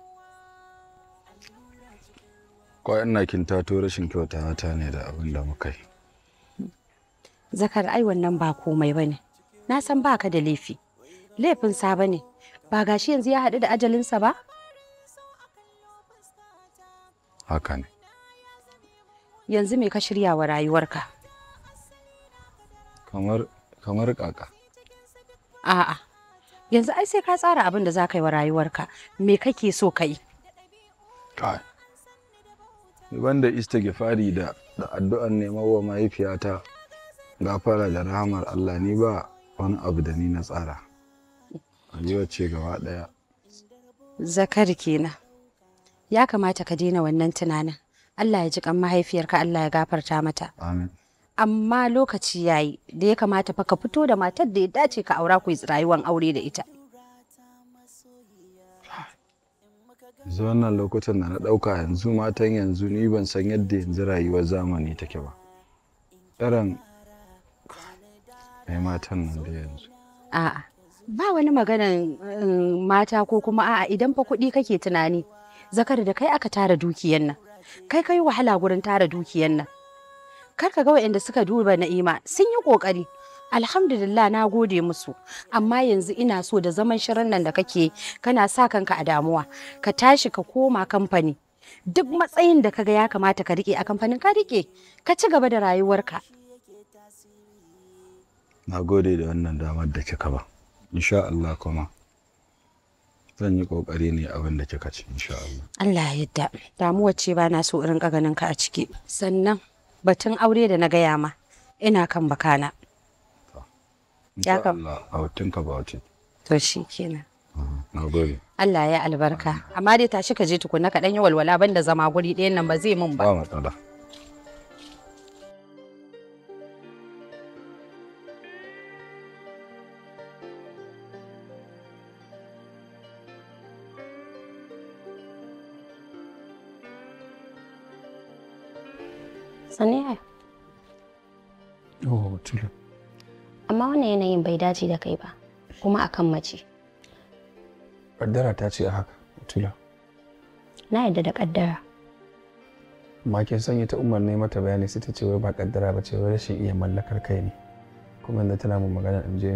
Speaker 18: Kwa'in na kin tato rashin kyauta mata ne da abin da muka yi.
Speaker 4: Zakar ai wannan ba komai ba ne. Na san ba da laifi. Laifin sa ba ne. Ba gashi yanzu ya haɗu da ajalinsa ba? Haka ne. Yanzu me ka shirya wa rayuwarka?
Speaker 18: Kamar kamar kaka.
Speaker 4: A'a. Yanzu ai sai ka tsara abin da za ka yi wa rayuwarka. Me kake so ka yi? Kai.
Speaker 18: ista ke da da addu'an neman wa mahaifiyata gafara da rahamar Allah ni ba wani abu da ni na tsara rayuwa ce gaba daya
Speaker 4: zakar kenan ya kamata ka daina wannan tunanin Allah ya ji kan mahaifiyarka Allah ya gafarta mata amin amma lokaci yayi da ya kamata fa ka fito da matar da ya dace ka aura ku rayuwar aure da ita
Speaker 18: yanzu wannan lokutan da na ɗauka yanzu matan yanzu ni ban san yadda yanzu rayuwar zamani take ba irin ai matan nan da yanzu
Speaker 4: a'a ba wani maganan um, mata ko kuma a'a idan fa kuɗi kake tunani zakar da kai aka tara dukiyan nan kai kai wahala gurin tara dukiyan nan kar ka ga waɗanda suka duba na'ima sun yi ƙoƙari alhamdulillah na gode musu amma yanzu ina so da zaman shirin nan da kake kana sa kanka a damuwa ka tashi ka koma kamfani duk matsayin da kaga ya kamata ka rike a kamfanin ka rike ka ci gaba da rayuwarka
Speaker 18: na gode da wannan damar da kika ba insha Allah kuma zan yi kokari ne abin da kika ci insha Allah
Speaker 4: Allah ya yarda damuwar ce ba na so irin ganin ka a ciki sannan batun aure da na gaya ma ina kan bakana ya kam Allah ya albarka amma dai tashi ka je tukunna ka dan yi walwala banda zama guri ɗayan nan ba zai mun ba
Speaker 13: ba
Speaker 21: Oh, tulu.
Speaker 12: amma wannan yanayin bai dace da kai ba kuma akan mace
Speaker 21: kaddara ta ce a haka tula
Speaker 12: na yadda da kaddara
Speaker 21: amma kin sanya ta umar mata bayani sai ta ce wai ba kaddara ba ce wai rashin iya mallakar kai ne kuma yanzu tana mu magana in je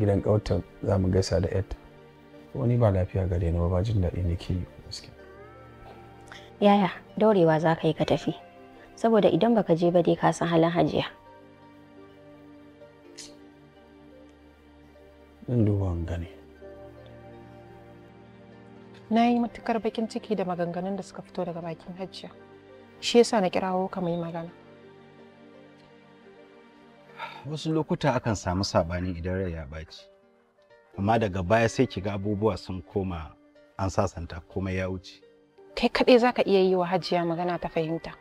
Speaker 21: gidan kautar za mu gaisa da yadda wani ba lafiya gare ni ba jin daɗi ne ke
Speaker 12: yaya daurewa za ka yi ka tafi saboda idan baka je ba dai ka san halin hajiya
Speaker 21: in duba gani
Speaker 5: na yi matukar bakin ciki da maganganun da suka fito daga bakin hajjiya shi yasa na kirawo ka mai magana
Speaker 16: wasu lokuta akan samu sabani idan rai ya baci amma daga baya sai kiga abubuwa sun koma an sasanta komai ya wuce
Speaker 5: kai kaɗai za ka iya yi wa hajiya magana ta fahimta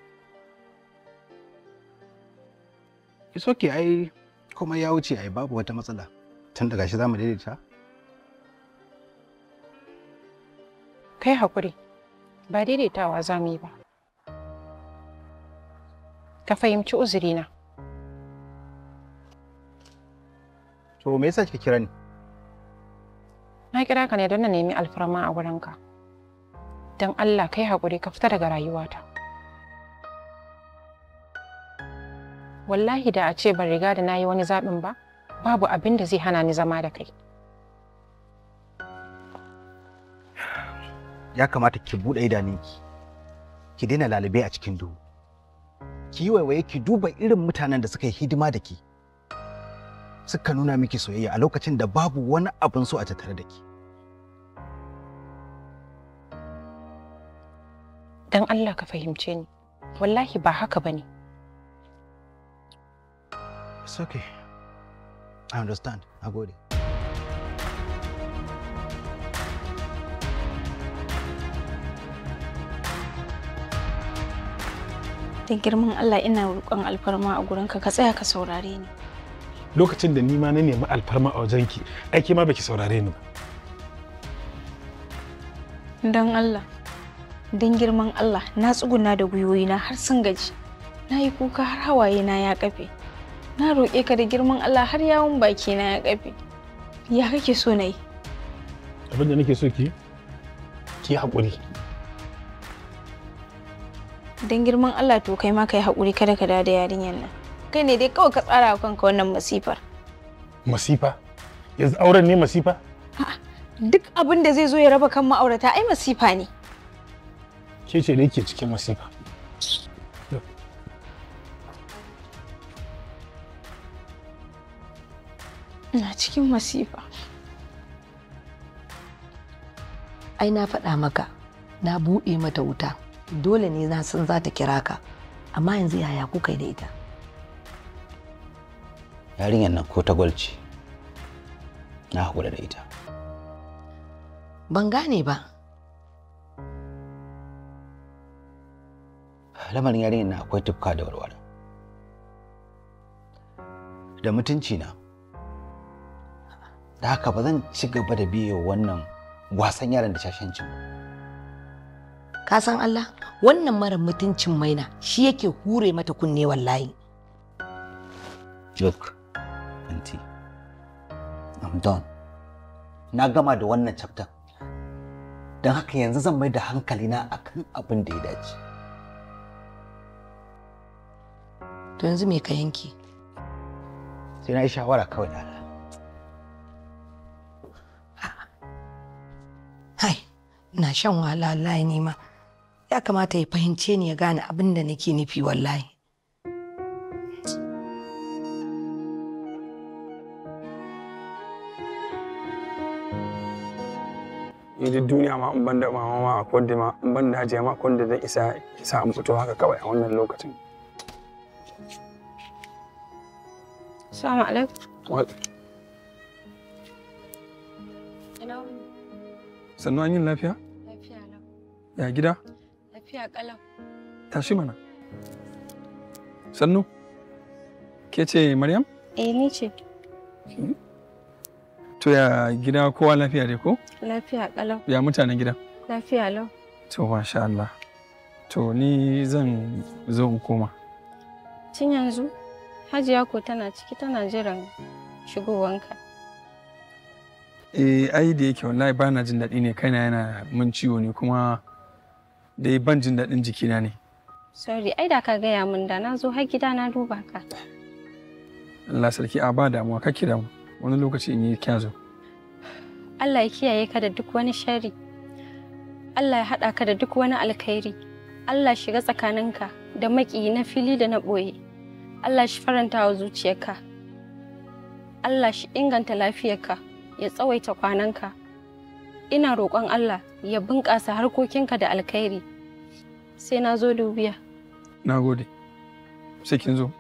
Speaker 16: isoki ke ai kuma ya wuce ai babu wata matsala tun daga shi za mu daidaita?
Speaker 5: Kai hakuri, ba daidaitawa za mu yi ba. Ka fahimci uzurina.
Speaker 16: To me yasa kika kira ni?
Speaker 5: Na kira ka ne don na nemi alfarma a wurinka. Don Allah kai hakuri ka fita daga rayuwata. Wallahi da a ce ban riga da na yi wani zaɓin ba, babu abin da zai hana ni zama da kai.
Speaker 16: Ya kamata ki buɗe idanunki, ki daina lalube a cikin duhu. Ki yi waiwaye ki duba irin mutanen da suka yi hidima da ki. Suka nuna miki soyayya a lokacin da babu wani abin so a tattare da ki.
Speaker 5: Dan Allah ka fahimce ni, wallahi ba haka ba ne. okay.
Speaker 16: I understand. A gode.
Speaker 7: Da girman Allah ina roƙon alfarma a gurinka ka tsaya ka saurare ni.
Speaker 6: Lokacin da ni ma na nemi alfarma a wajenki, aiki ma baki saurare ni ba.
Speaker 7: Don Allah, don girman Allah na tsuguna da gwiwoyina har sun gaji. Na yi kuka har hawaye na ya kafe. na roƙe ka da girman Allah har yawon baki na ya ƙafe ya kake so na yi
Speaker 6: abin da nake so ki ki haƙuri
Speaker 7: don girman Allah to kai ma ka yi haƙuri kada ka dawo da yarinyar nan kai ne dai kawai ka tsara wa kanka wannan masifar
Speaker 6: masifa yanzu auren ne masifa
Speaker 7: duk abin da zai zo ya raba kan ma'aurata ai masifa ne
Speaker 6: ke ce ne ke cikin masifa
Speaker 20: ina cikin masifa ai na faɗa maka na buɗe mata wuta dole ne na san za ta kira ka amma yanzu yaya kuka yi da ita
Speaker 16: yarinyar nan ko ta na haƙura da ita
Speaker 20: ban gane ba
Speaker 16: lamarin yarinyar na akwai tufka da warware da mutunci na da haka ba zan ci gaba da biyo wannan wasan yaran da shashancin
Speaker 20: ka san Allah wannan mara mutuncin maina shi yake hure mata kunne wallahi
Speaker 16: look anti i'm done na gama da wannan chapter don haka yanzu zan mai da hankali na akan abin da ya dace
Speaker 20: to yanzu me ka yanke sai na yi shawara kawai na. kai ina shan wahala wallahi ni ma ya kamata ya fahimce ni ya gane abin da nake nufi wallahi
Speaker 21: ni duk duniya ma in ban da mama ma a kodda ma in ban da hajiya ma kodda zai isa isa an fito haka kawai a wannan lokacin.
Speaker 11: Assalamu alaikum.
Speaker 21: sannu an yin lafiya? Lafiya lau. Ya gida?
Speaker 11: Lafiya ƙalau.
Speaker 21: Tashi mana. Sannu, ke ce Maryam?
Speaker 11: Eh ni ce. Hmm?
Speaker 21: To ya gida kowa lafiya dai ko?
Speaker 11: Lafiya ƙalau.
Speaker 21: Ya mutanen gida? Lafiya lau. To masha Allah. To ni zan zo in koma.
Speaker 11: Tun yanzu, Hajiya ko tana ciki tana jiran shigowanka.
Speaker 21: eh ai da yake wallahi bana jin daɗi ne kaina yana mun ciwo ne kuma dai ban jin daɗin jikina ne
Speaker 11: sorry ai da ka gaya min da na zo har gida na duba ka
Speaker 21: Allah sarki a ba damuwa ka kira mu wani lokaci in yi zo.
Speaker 11: Allah ya kiyaye ka da duk wani sharri Allah ya haɗa ka da duk wani alkhairi Allah shiga tsakaninka da maƙiyi na fili da na ɓoye Allah shi faranta wa zuciyarka Allah shi inganta lafiyarka ya tsawaita kwananka ina roƙon Allah ya bunƙasa harkokinka da alkhairi sai na zo dubiya
Speaker 21: na gode sai kin zo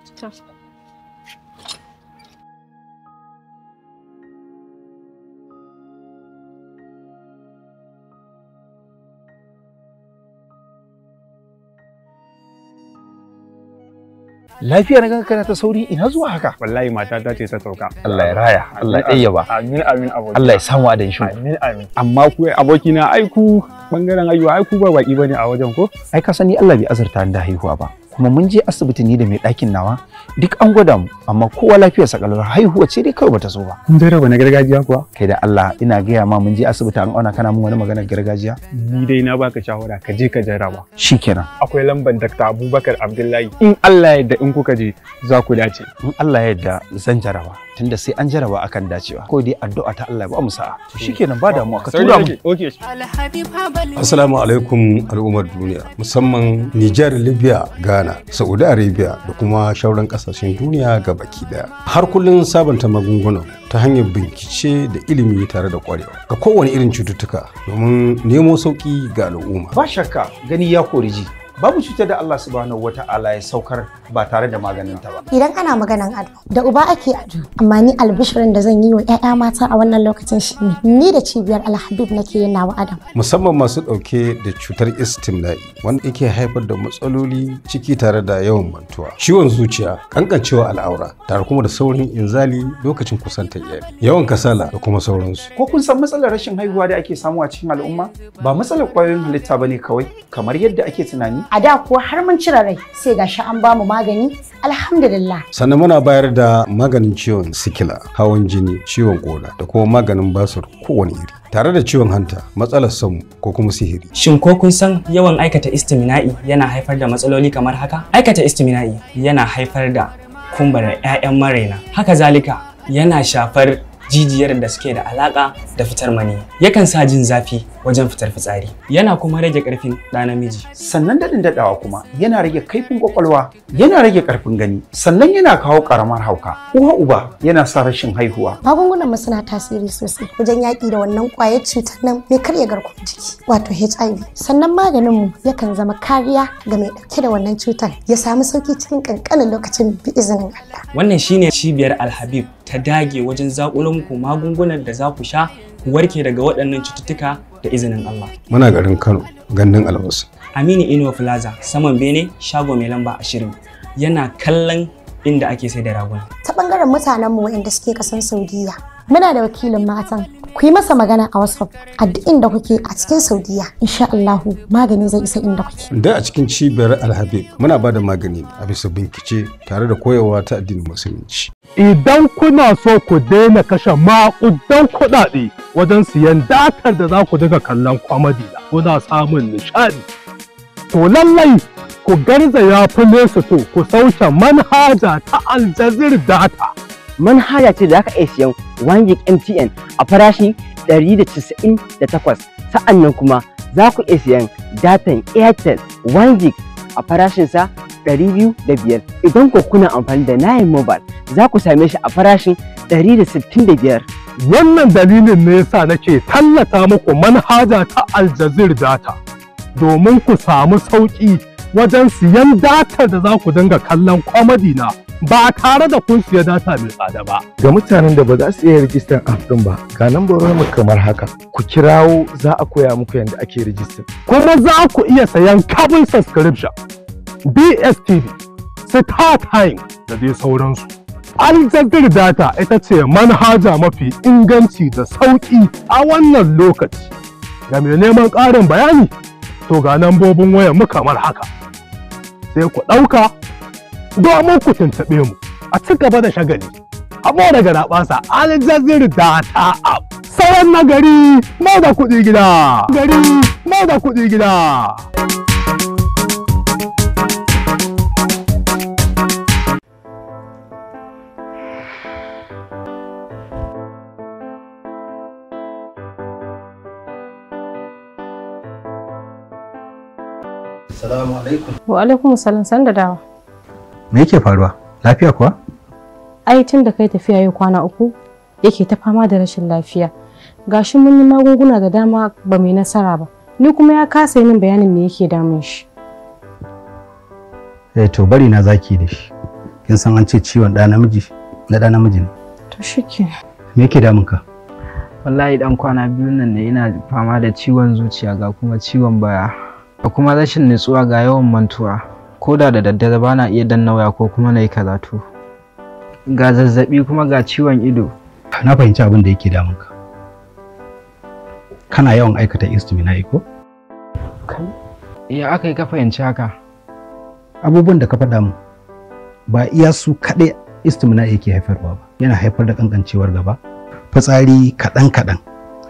Speaker 14: lafiya na ganka kana ta sauri ina zuwa haka wallahi mata ta ce ta sauka
Speaker 2: Allah ya raya Allah ya ayyaba amin amin aboki Allah ya samu
Speaker 14: adan shi amin amin amma ku aboki na aiku bangaren ayyuka aiku ba baki bane a wajen ko ai ka sani Allah bai azurta da haihuwa ba kuma mun je asibiti ni da mai ɗakin nawa duk an gwada mu amma kowa lafiyar sa kalura haihuwa ce dai kawai bata so ba kun dai na gargajiya kuwa kai da Allah ina gaya ma mun je asibiti an auna kana mun wani maganar gargajiya ni dai na baka shawara ka je ka jarraba shikenan akwai lamban Dr. Abubakar Abdullahi in Allah ya yarda in kuka je za ku dace in Allah ya yarda zan jarawa. tunda sai an jaraba akan dacewa ko dai addu'a ta Allah ba mu sa'a to shikenan ba damuwa
Speaker 3: ka tura mu assalamu
Speaker 14: alaikum al'ummar duniya
Speaker 8: musamman Niger Libya Ghana Saudi Arabia da kuma shauran kasashen duniya ga baki daya har kullun sabanta magunguna ta hanyar bincike da ilimi tare da
Speaker 14: kwarewa ga kowane irin cututtuka domin nemo sauki ga al'umma ba shakka gani ya koriji babu cutar da Allah subhanahu ta'ala ya saukar ba tare da maganin ta ba
Speaker 22: idan ana maganan ado da uba ake ado amma ni albishirin da zan yi wa 'ya'ya mata a wannan lokacin shi ne ni da cibiyar alhabib nake yin nawa adam
Speaker 8: musamman masu ɗauke da cutar istimla'i wanda yake haifar da matsaloli ciki tare da yawan mantuwa ciwon zuciya kankancewa al'aura tare kuma da saurin inzali lokacin kusanta iyali yawan kasala da kuma sauransu
Speaker 14: ko kun san matsalar rashin haihuwa da ake samu a cikin al'umma ba matsalar kwayoyin halitta bane kawai kamar yadda
Speaker 22: ake tunani a da ko har mun cire rai sai gashi an bamu magani alhamdulillah
Speaker 14: sannan
Speaker 8: muna bayar da maganin ciwon sikila hawan jini ciwon koda da kuma maganin basur kowane iri tare da ciwon hanta matsalar samu ko kuma sihiri
Speaker 16: shin ko kun san yawan aikata
Speaker 23: istimina'i yana haifar da matsaloli kamar haka aikata istimina'i yana haifar da kumbara 'ya'yan maraina haka zalika yana shafar jijiyar da suke da alaƙa da
Speaker 16: fitar mani yakan sa jin zafi wajen fitar fitsari yana kuma rage karfin ɗa namiji
Speaker 14: sannan daɗin daɗawa kuma yana rage kaifin ƙwaƙwalwa, yana rage karfin gani sannan yana kawo ƙaramar hauka uwa uba yana sa rashin haihuwa
Speaker 22: magungunan mu suna tasiri sosai wajen yaƙi da wannan ƙwayar cutar nan mai karya garkuwar jiki wato HIV sannan maganin mu yakan zama kariya ga mai ɗauke da wannan cutar ya samu sauki cikin ƙanƙanin lokacin bi izinin Allah
Speaker 16: wannan shine cibiyar Alhabib ta dage wajen zakulan muku magungunan da za ku sha ku warke daga waɗannan cututtuka da izinin Allah.
Speaker 8: Muna garin Kano, gandun Alwas.
Speaker 16: Aminu
Speaker 23: Inuwa Plaza, saman Bene, shago mai lamba ashirin, yana kallon inda ake sai da raguna.
Speaker 22: Ta ɓangaren mutanenmu waɗanda suke ƙasan Saudiya, muna da wakilin matan ku yi masa magana a wasu a da inda kuke a cikin Saudiya insha Allahu magani zai isa inda kuke.
Speaker 8: Da a cikin cibiyar Alhabib muna bada da magani a bisa bincike tare da koyarwa ta addinin
Speaker 3: musulunci. Idan kuna so ku daina kashe maƙudan kuɗaɗe wajen siyan datar da za ku daga kallon kwamadi kuna samun nishaɗi. To lallai ku garzaya fi to ku sauke manhaja ta aljazir data. manhaja ce da aka iya siyan 1 gig MTN a farashi 198 sa'an nan kuma za ku iya siyan datan Airtel 1 gig a farashinsa 205 idan ku kuna amfani da Nine Mobile za ku same shi a farashin 165 wannan dalilin ne yasa nake tallata muku manhaja ta aljazir data domin ku samu sauƙi wajen siyan data da za ku dinga kallon kwamadi na ba tare da kun siya data mai tsada ba. Ga mutanen da ba za su iya rijistar app ɗin ba, ga lambarin mu kamar haka. Ku kirawo za a koya muku yadda ake rijistar. Kuma za ku iya sayan kabin subscription, BSTV, Star Time da dai sauransu. Aljazeera Data ita ce manhaja mafi inganci da sauƙi a wannan lokaci. Ga mai neman ƙarin bayani, to ga lambobin wayar mu kamar haka. Sai ku ɗauka domin ku tuntuɓe mu a ci gaba da shagali a more daga raɓansa alexander da ta sauran na gari mai da kuɗi gida gari mai da kuɗi gida
Speaker 23: Assalamu alaikum.
Speaker 11: Wa alaikum salam san da dawa.
Speaker 16: me yake faruwa lafiya kuwa
Speaker 11: ai tun da kai tafiya yau kwana uku yake ta fama da rashin lafiya gashi mun yi magunguna da dama ba mai nasara ba ni kuma ya kasa yin bayanin me yake damun shi
Speaker 16: eh to bari na zaki da shi kin san an ce ciwon da namiji na da namiji ne to shike me yake damun ka
Speaker 23: wallahi dan kwana biyu nan ne ina fama da ciwon zuciya ga kuma ciwon baya da kuma rashin nutsuwa ga yawan mantuwa Koda da daddare ba na iya danna waya ko kuma na yi karatu ga zazzabi kuma ga ciwon ido na fahimci abin da yake damunka
Speaker 16: kana yawan aikata istimina iko
Speaker 23: ya aka yi ka fahimci haka
Speaker 16: abubuwan da ka faɗa mu ba iya su kaɗai istimina yake haifarwa ba yana haifar da kankancewar gaba fitsari kaɗan-kaɗan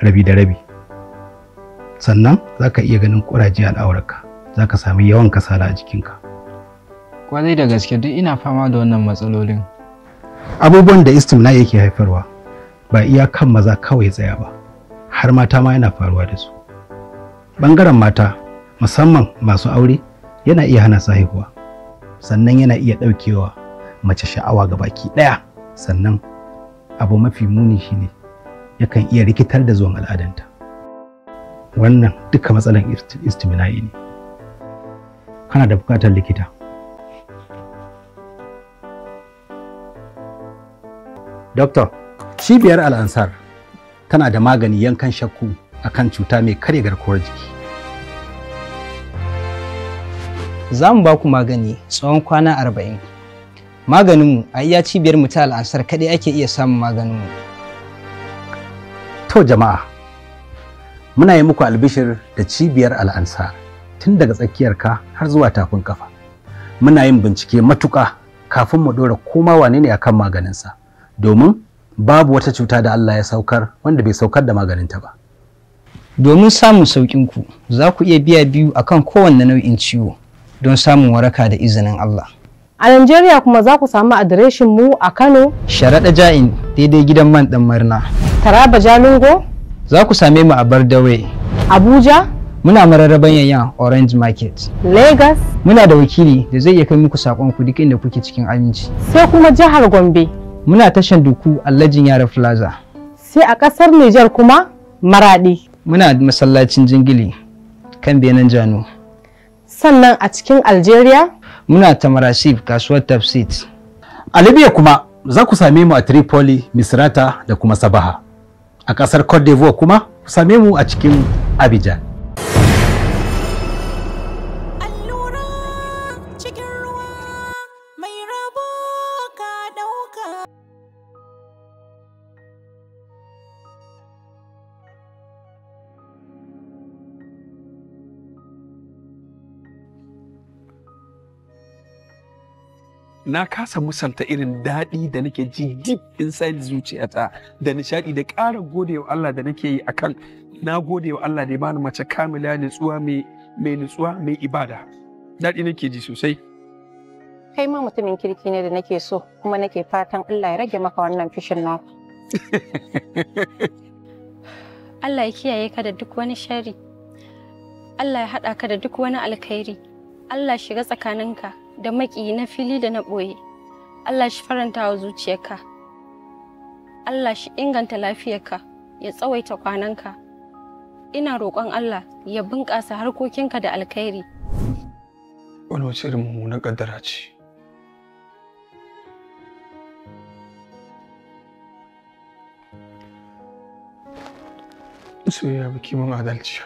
Speaker 16: rabi da rabi sannan za ka iya ganin kuraje al'aurarka za ka sami yawan kasala a jikinka
Speaker 23: kwarai da gaske duk ina fama da wannan matsalolin
Speaker 16: abubuwan da istimna yake haifarwa ba iya kan maza kawai tsaya ba har mata ma yana faruwa da su bangaren mata musamman masu aure yana iya hana sahihuwa, sannan yana iya ɗaukewa mace sha'awa ga baki ɗaya sannan abu mafi muni shine yakan iya rikitar da zuwan al'adanta wannan duka matsalan istimina'i ne kana da bukatar likita Doctor, cibiyar Al'ansar tana da magani yankan shakku a kan cuta mai karya garkuwar jiki.
Speaker 23: Za mu ba ku magani tsawon kwana arba'in. Maganinmu a iya cibiyar mu ta Al'ansar kaɗai ake iya samun maganinmu. To jama'a,
Speaker 16: muna yi muku albishir da cibiyar Al'ansar tun daga tsakiyar ka har zuwa tafin kafa. Muna yin bincike matuƙa kafin mu ɗora koma wane ne akan maganinsa. domin babu wata cuta da Allah ya saukar wanda bai saukar da maganinta ba.
Speaker 23: Domin samun sauƙin ku za ku iya biya biyu a kan kowanne nau'in ciwo don samun waraka da izinin Allah.
Speaker 5: A Najeriya kuma za ku samu adireshin mu a
Speaker 23: Kano. Sharaɗa Ja'in daidai gidan man ɗan murna. Taraba Jalingo. Za ku same mu a Bardawe. Abuja. Muna mararraban yayan Orange Market. Lagos. Muna da wakili da zai iya kai muku saƙon ku duk inda kuke cikin aminci. Sai kuma jihar Gombe. muna tashan duku allajin yara plaza sai a ƙasar Nijar kuma maraɗi muna masallacin jingili kan benin jano sannan a cikin algeria muna tamarasif kasuwar tafsit a libya kuma
Speaker 16: za ku same mu a tripoli misrata da kuma sabaha a ƙasar cote d'ivoire kuma ku same mu a cikin abidjan
Speaker 21: na kasa musanta irin daɗi da nake ji deep inside zuciyata da nishaɗi da ƙara gode wa Allah da nake yi akan na gode wa Allah da ya bani mace kamila nutsuwa mai nutsuwa mai ibada daɗi nake ji sosai
Speaker 5: kai ma mutumin kirki ne da nake so kuma nake
Speaker 11: fatan Allah ya rage maka wannan fishin na Allah ya kiyaye ka da duk wani shari Allah ya haɗa ka da duk wani alkhairi Allah shiga tsakaninka da maki na fili da na ɓoye Allah shi faranta wa zuciyarka Allah shi inganta lafiyarka ya tsawaita kwananka ina roƙon Allah ya bunƙasa harkokinka da alkhairi
Speaker 21: wani wace irin mummunan ƙaddara ce soyayya ba kiman adalci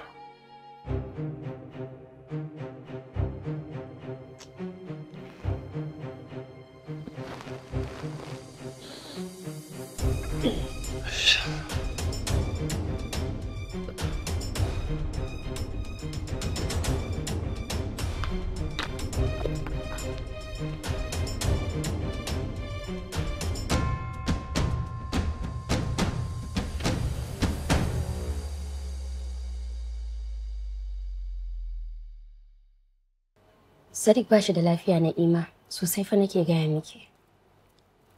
Speaker 12: Sadiq ba shi da lafiya na ima sosai fa nake gaya miki.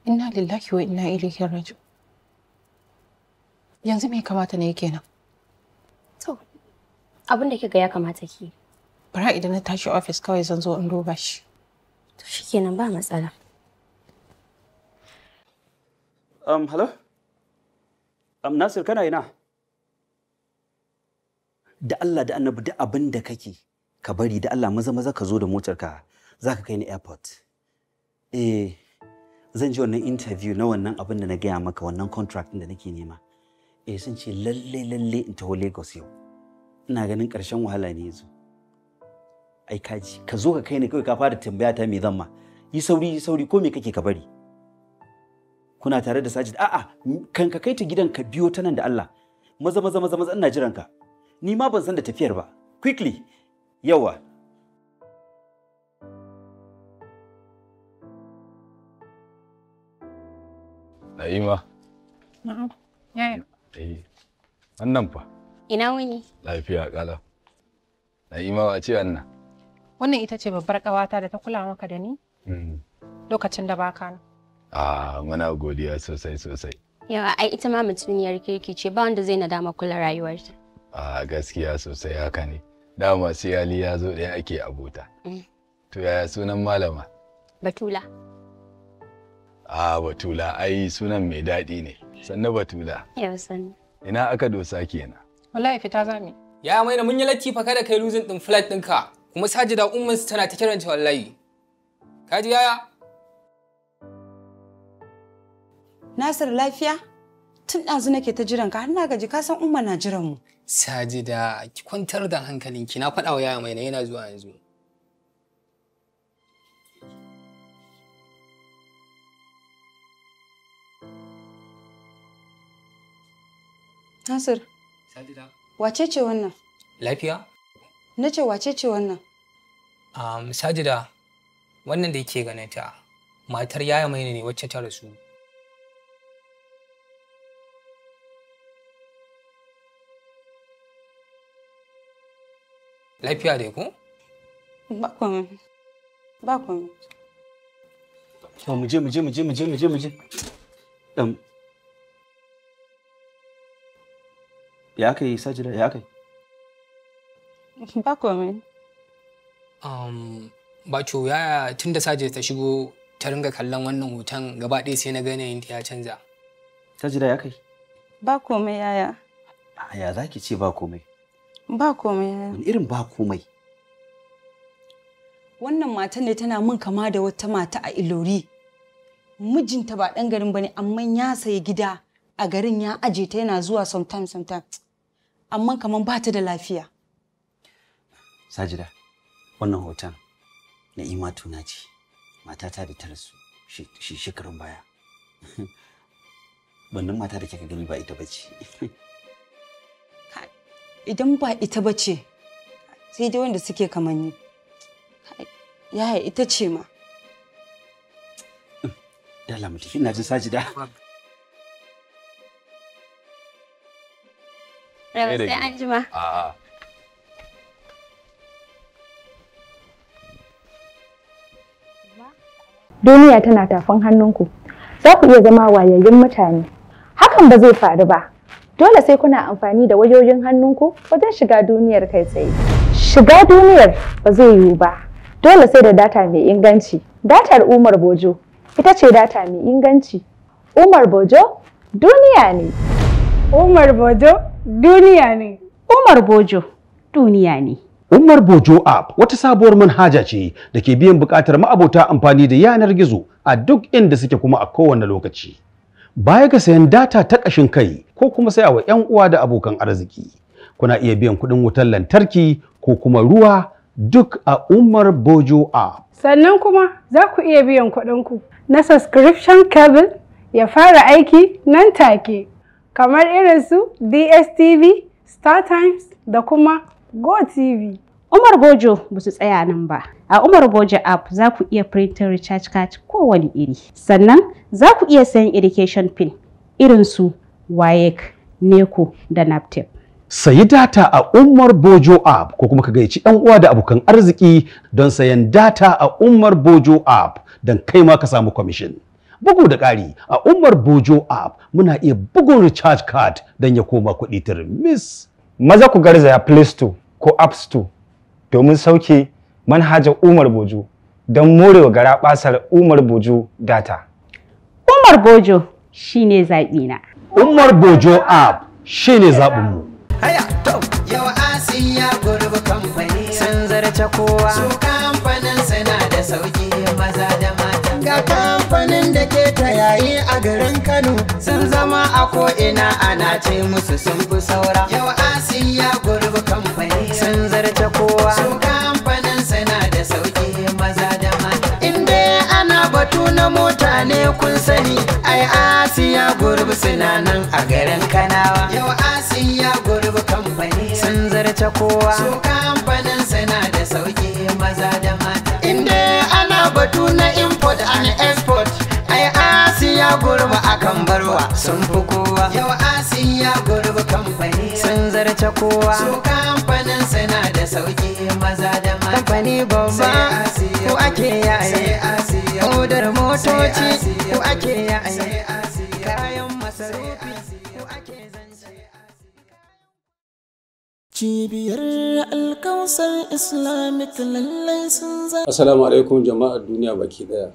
Speaker 12: Inna lillahi wa inna ilaihi raji'un. Yanzu me kamata na yi kenan? To, abin da ga ya kamata ki. Bara idan na tashi ofis kawai zan zo in duba shi. To shikenan ba matsala.
Speaker 10: Um, hello? Um, Nasir kana ina? Da Allah da annabi da abin da kake ka bari da Allah maza maza ka zo da motar ka za ka kai ni airport eh zan ji wannan interview na wannan abin da na gaya maka wannan contract da nake nema eh sun ce lalle lalle in taho Lagos yau ina ganin karshen wahala ne yanzu ai kaji ka zo ka kai ni kawai ka fara tambaya ta me zan ma yi sauri yi sauri ko me kake ka bari kuna tare da Sajid a'a kan ka kai ta gidan ka biyo ta nan da Allah maza maza maza maza ina jiran ka ni ma ban san da tafiyar ba quickly yawa
Speaker 18: Na'ima.
Speaker 12: Na'am. Yaya.
Speaker 18: Eh. Wannan fa. Ina wuni? Lafiya kala. Na'ima ba ce wannan.
Speaker 12: Wannan ita ce babbar ƙawata da ta kula maka da ni? Mm. Lokacin da ka nan.
Speaker 18: Ah, muna godiya sosai sosai.
Speaker 12: Yawa, ai ita ma mutumiyar kirki ce ba wanda zai nadama kula rayuwarta.
Speaker 18: Ah, gaskiya sosai haka ne. dama sai Ali ya zo ɗaya ake abota mm. to yaya sunan malama batula a batula ai sunan mai daɗi ne Sanna batula yau sanna. ina aka dosa kenan
Speaker 23: wallahi fita zami ya maina mun yi latti fa kada kai losing din flat ɗinka kuma sajida umman su tana ta kiranta wallahi kaji yaya
Speaker 19: Nasir lafiya? tun ɗazu nake ta jiran ka har na gaji kasan umma na jiran
Speaker 23: mu. Sajida ki kwantar da hankalinki na faɗa wa yaya mai yana zuwa yanzu. Nasir. Sajida.
Speaker 11: Wace ce wannan? Lafiya? Na ce wace ce wannan?
Speaker 23: Um, Sajida, wannan da yake ganin ta matar yaya mai ne wacce ta rasu. Lafiya dai ko?
Speaker 2: Ba
Speaker 11: komai. Ba komai.
Speaker 10: mu je mu je mu je mu je mu je mu je. Dan Ya kai Sajida ya kai?
Speaker 11: Ba komai.
Speaker 23: Um, Bacho yaya tun da Sajida ta shigo ta ringa kallon wannan hoton gaba ɗaya sai na gane yinta ya canza. Sajida ya kai?
Speaker 11: Ba komai yaya.
Speaker 23: Ah,
Speaker 7: ya
Speaker 10: za ki ce ba komai?
Speaker 19: Ba komai.
Speaker 11: Wani
Speaker 10: irin ba komai.
Speaker 19: Wannan mata ne tana min kama da wata mata a Ilori. Mijinta ba ɗan garin ba ne amma ya sayi gida a garin ya aje ta yana zuwa sometimes sometimes. Amma kaman ba ta da lafiya.
Speaker 10: Sajida, wannan hoton na ima na ce. Matata da ta rasu shi shekarun baya. Wannan mata da kika gani ba ita ba ce.
Speaker 19: idan ba ita ba ce sai dai wanda suke kamanni yaya ita ce ma
Speaker 10: da mu tafi ina jin sajida
Speaker 2: sai
Speaker 12: an
Speaker 7: duniya tana tafin hannunku za ku iya zama wayayyin mutane hakan ba zai faru ba dole sai kuna amfani da wayoyin hannunku wajen shiga duniyar kai tsaye. Shiga duniyar ba zai yiwu ba, dole sai da data mai inganci. Datar Umar Bojo ita ce data mai inganci. Umar Bojo duniya ne. Umar Bojo duniya ne. Umar Bojo duniya ne.
Speaker 16: Umar Bojo app wata sabuwar manhaja ce da ke biyan buƙatar ma'abota amfani da yanar gizo a duk inda suke kuma a kowane lokaci. Baya ga sayan data ta ƙashin kai, ko kuma sai wa 'yan uwa da abokan arziki. Kuna iya biyan kuɗin wutar lantarki ko kuma ruwa duk a Umar Bojo A.
Speaker 11: Sannan kuma za ku iya biyan kuɗin ku. na subscription cable
Speaker 7: ya fara aiki nan take kamar irin su DSTV, Star Times da kuma go tv Umar Bojo ba su tsaya nan ba. A Umar Bojo app za ku iya printin recharge card kowane iri. Sannan za ku iya sayan education pin irin su WAEC, NECO da NAPTEP.
Speaker 16: Sayi data a Umar Bojo app ko kuma ka gaici ɗan uwa da abokan arziki don sayan data a Umar Bojo app don kai ma ka samu kwamishin. Bugu da ƙari a Umar Bojo app muna iya bugun recharge card don ya koma kuɗi miss. Maza ku garzaya Play Store ko App Store domin sauke manhajar
Speaker 14: Umar Bojo don more gara basar Umar Bojo data.
Speaker 2: Umar
Speaker 7: Bojo shine zaɓina.
Speaker 10: Umar Bojo app shi ne zaɓinmu. Haya,
Speaker 2: to, yau Asiya gurbi kamfani sun zarce kowa. Su kamfanin suna da sauki maza da mata. Ga kamfanin da ke ta yayi a garin Kano. Sun zama a ko'ina ana ce musu sun fi saura. Yau Asiya gurbi kamfani sun zarce kowa. Su kamfanin na mota ne kun sani ai asiya gurbi suna nan a garin kanawa yau asiya gurbi kamfani sun zarce kowa su kamfanin suna da sauki maza da mata inda ana batu na import and export ai asiya gurbi akan barwa sun fi kowa yau asiya gurbi kamfani sun zarce kowa su kamfanin suna da sauki maza da mata kamfani babba ko ake yaye Kodar motoci ko ake yaye kayan masarufi ko ake zance Cibiyar Alkausar Islamic lallai sun za. Assalamu
Speaker 8: alaikum jama'ar duniya baki daya.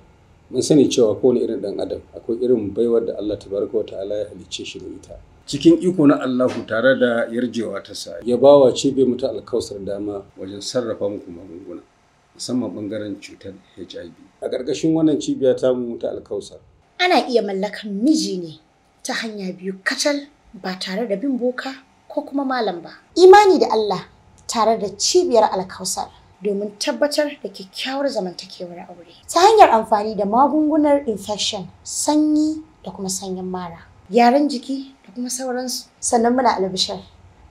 Speaker 8: Mun sani cewa kowane irin dan adam akwai irin baiwar da Allah ta barka wa ta'ala ya halicce shi da ita. cikin iko na Allahu tare da yarjewa ta sa ya bawa cibiyar mutu ta alkausar dama wajen sarrafa muku magunguna. musamman bangaren cutar HIV. A ƙarƙashin wannan cibiya ta mu ta alkausar.
Speaker 22: Ana iya mallakar miji ne ta hanya biyu kacal ba tare da bin boka ko kuma malam ba. Imani da Allah tare da cibiyar alkausar domin tabbatar da kyakkyawar zamantakewar aure. Ta hanyar amfani da magungunar infection, sanyi da kuma sanyin mara. Yaren jiki da kuma sauransu. Sannan muna albishar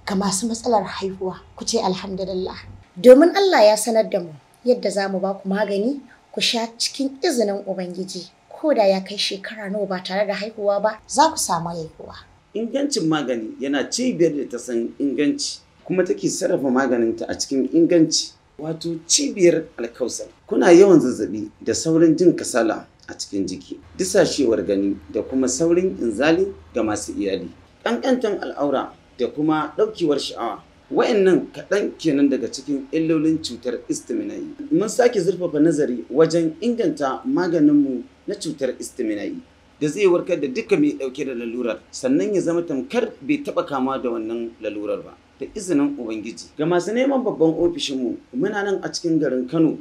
Speaker 22: ga masu matsalar haihuwa ku ce alhamdulillah. Domin Allah ya sanar da mu yadda za mu ba ku magani ku sha cikin izinin Ubangiji. Ko da ya kai shekara nawa ba tare da haihuwa ba, za ku samu haihuwa.
Speaker 9: Ingancin magani yana cibiyar da ta san inganci kuma take sarrafa maganinta a cikin inganci. Wato cibiyar alkausar. Kuna yawan zazzabi da saurin jin kasala a cikin jiki, disashewar gani da kuma saurin inzali ga masu iyali. Ƙanƙantan al'aura da kuma ɗaukewar sha'awa wa'annan kaɗan kenan daga cikin illolin cutar istiminai mun sake zurfafa nazari wajen inganta maganinmu na cutar istiminai da zai warkar da duka mai ɗauke da lalurar sannan ya zama tamkar bai taɓa kama da wannan lalurar ba da izinin ubangiji ga masu neman babban ofishinmu muna nan a cikin garin kano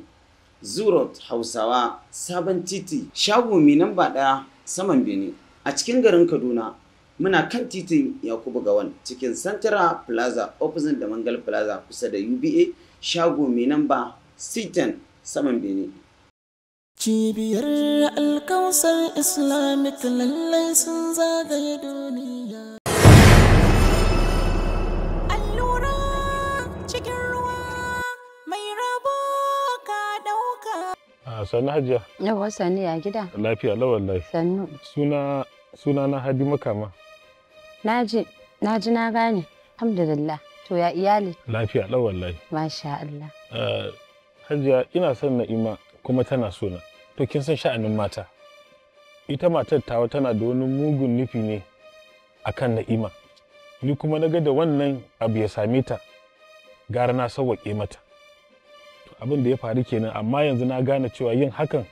Speaker 9: zurot hausawa sabon titi shago mai namba ɗaya saman bene a cikin garin kaduna muna kan titin yakubu gawan cikin santara plaza opposite da mangal plaza kusa da uba shago mai namba sitan saman bene
Speaker 2: cibiyar alkausar islamic lallai sun zagaye duniya allura cikin ruwa mai rabo ka dauka
Speaker 6: ah, sannu hajiya
Speaker 4: yawa sani a gida
Speaker 6: lafiya lawan lafiya sannu suna sunana Hadi Makama.
Speaker 4: Naji, naji na gane. Alhamdulillah. To ya iyali?
Speaker 6: Lafiya lau wallahi.
Speaker 4: Masha Allah.
Speaker 6: Uh, Hajiya ina son Na'ima kuma tana sona. To kin san sha'anin mata. Ita matar tawa tana da wani mugun nufi ne akan Na'ima. Ni kuma na ga da wannan abu ya same ta. Gara na sawwaƙe mata. abin da ya faru kenan amma yanzu na gane cewa yin hakan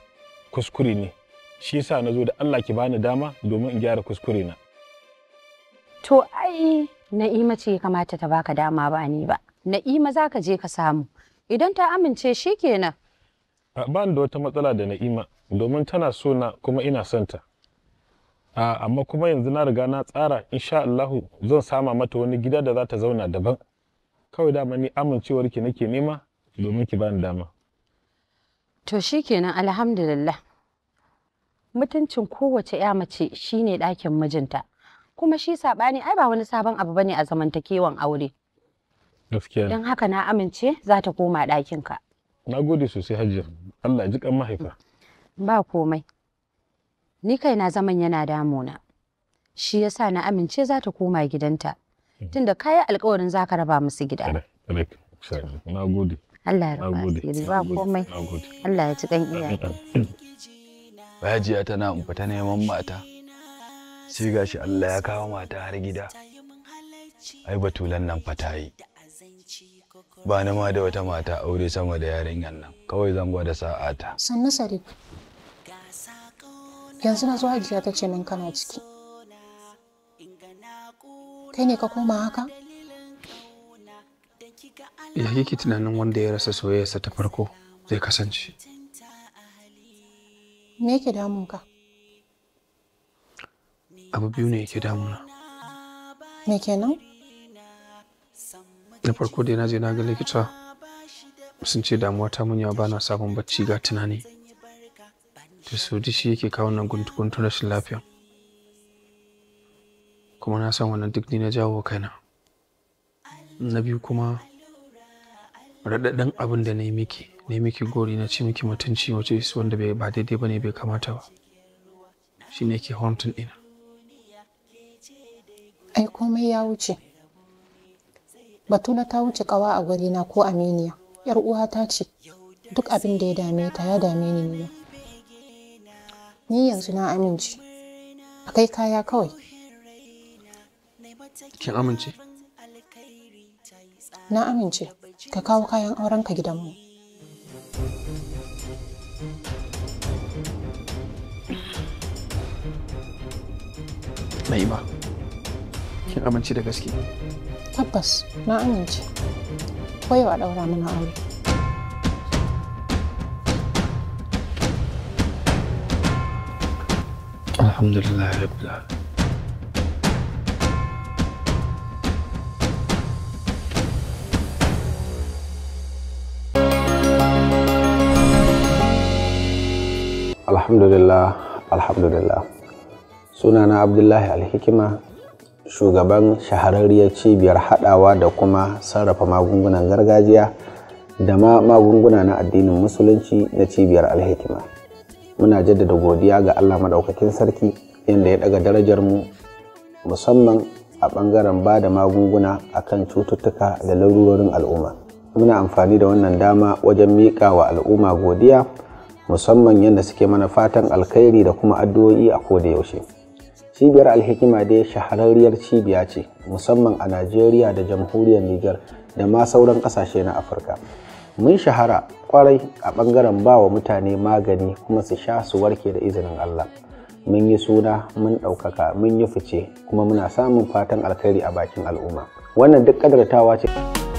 Speaker 6: kuskure ne. shi yasa na zo da Allah ki bani dama domin in gyara kuskure na
Speaker 4: to ai na'ima ce kamata ta baka dama ba ni ba na'ima za ka je ka samu idan ta amince shi kenan
Speaker 6: ba da wata matsala da na'ima domin tana so na kuma ina son ta amma kuma yanzu na riga na tsara insha Allahu zan sama mata wani gida da za ta zauna daban kawai dama ni amincewar ki nake nema domin ki bani dama
Speaker 4: to shikenan alhamdulillah mutuncin kowace ya mace shine ɗakin mijinta kuma shi saɓani ai ba wani sabon abu bane a zamantakewan aure don haka na amince za ta koma ɗakinka.
Speaker 6: na gode sosai hajiya Allah ji kan mahaifa
Speaker 4: mm, ba komai ni kai na zaman yana damuna shi yasa na amince za ta koma gidanta mm. tunda kayi alkawarin za ka raba musu gida
Speaker 18: na gode Allah ya raba
Speaker 4: ba komai Allah ya ji kan
Speaker 18: iyaye Hajiya tana in fita neman mata. Sai gashi Allah ya kawo mata har gida. Ai batulan nan fata yi. Ba ni ma da wata mata aure sama da yarinyan nan. Kawai zan gwada sa'ata.
Speaker 5: Sannu Sarif. Yanzu na zo Hajiya ta ce min kana ciki. Kai ne ka koma haka?
Speaker 21: Ya tunanin wanda ya rasa soyayyarsa ta farko zai kasance?
Speaker 5: me yake damun ka
Speaker 2: abu biyu ne yake damuna
Speaker 5: me kenan
Speaker 21: na farko dai na je na ga likita sun ce damuwa ta munya ba na samun bacci ga tunani da su shi yake kawo nan guntun rashin lafiya kuma na san wannan duk ni na jawo kaina na biyu kuma raɗaɗɗen abin da na yi miki ne miki gori na ci miki mutunci wace wanda bai ba daidai bane bai kamata ba shi ne ke hauntun ɗina
Speaker 5: ai komai ya wuce batuna ta wuce kawa a na ko aminiya yar uwata ce duk abin da ya dame ta ya dame ni ne ni yanzu na amince a kai kaya kawai kin amince na amince ka kawo kayan aurenka gidanmu
Speaker 21: Na'ima, kin amince da gaske?
Speaker 5: Tabbas, na amince. Koyo a ɗaura mana aure.
Speaker 21: Alhamdulillah, Rabbil Alamin.
Speaker 13: alhamdulillah alhamdulillah sunana abdullahi alhikima shugaban shahararriyar cibiyar hadawa da kuma sarrafa magungunan gargajiya da ma magunguna na addinin musulunci na cibiyar alhikima muna jaddada godiya ga allah maɗaukakin sarki yadda ya ɗaga darajar mu musamman a ɓangaren ba da magunguna kan cututtuka da larurorin al'umma muna amfani da wannan dama wajen miƙa wa al'umma godiya musamman yadda suke mana fatan alkhairi da kuma addu'o'i a koda yaushe cibiyar alhikima dai shahararriyar cibiya ce musamman a najeriya da jamhuriyar niger da ma sauran ƙasashe na afirka mun shahara kwarai a ɓangaren ba wa mutane magani kuma su sha su warke da izinin allah mun yi suna mun ɗaukaka mun yi fice kuma muna samun fatan alkhairi a bakin al'umma wannan duk ƙadartawa ce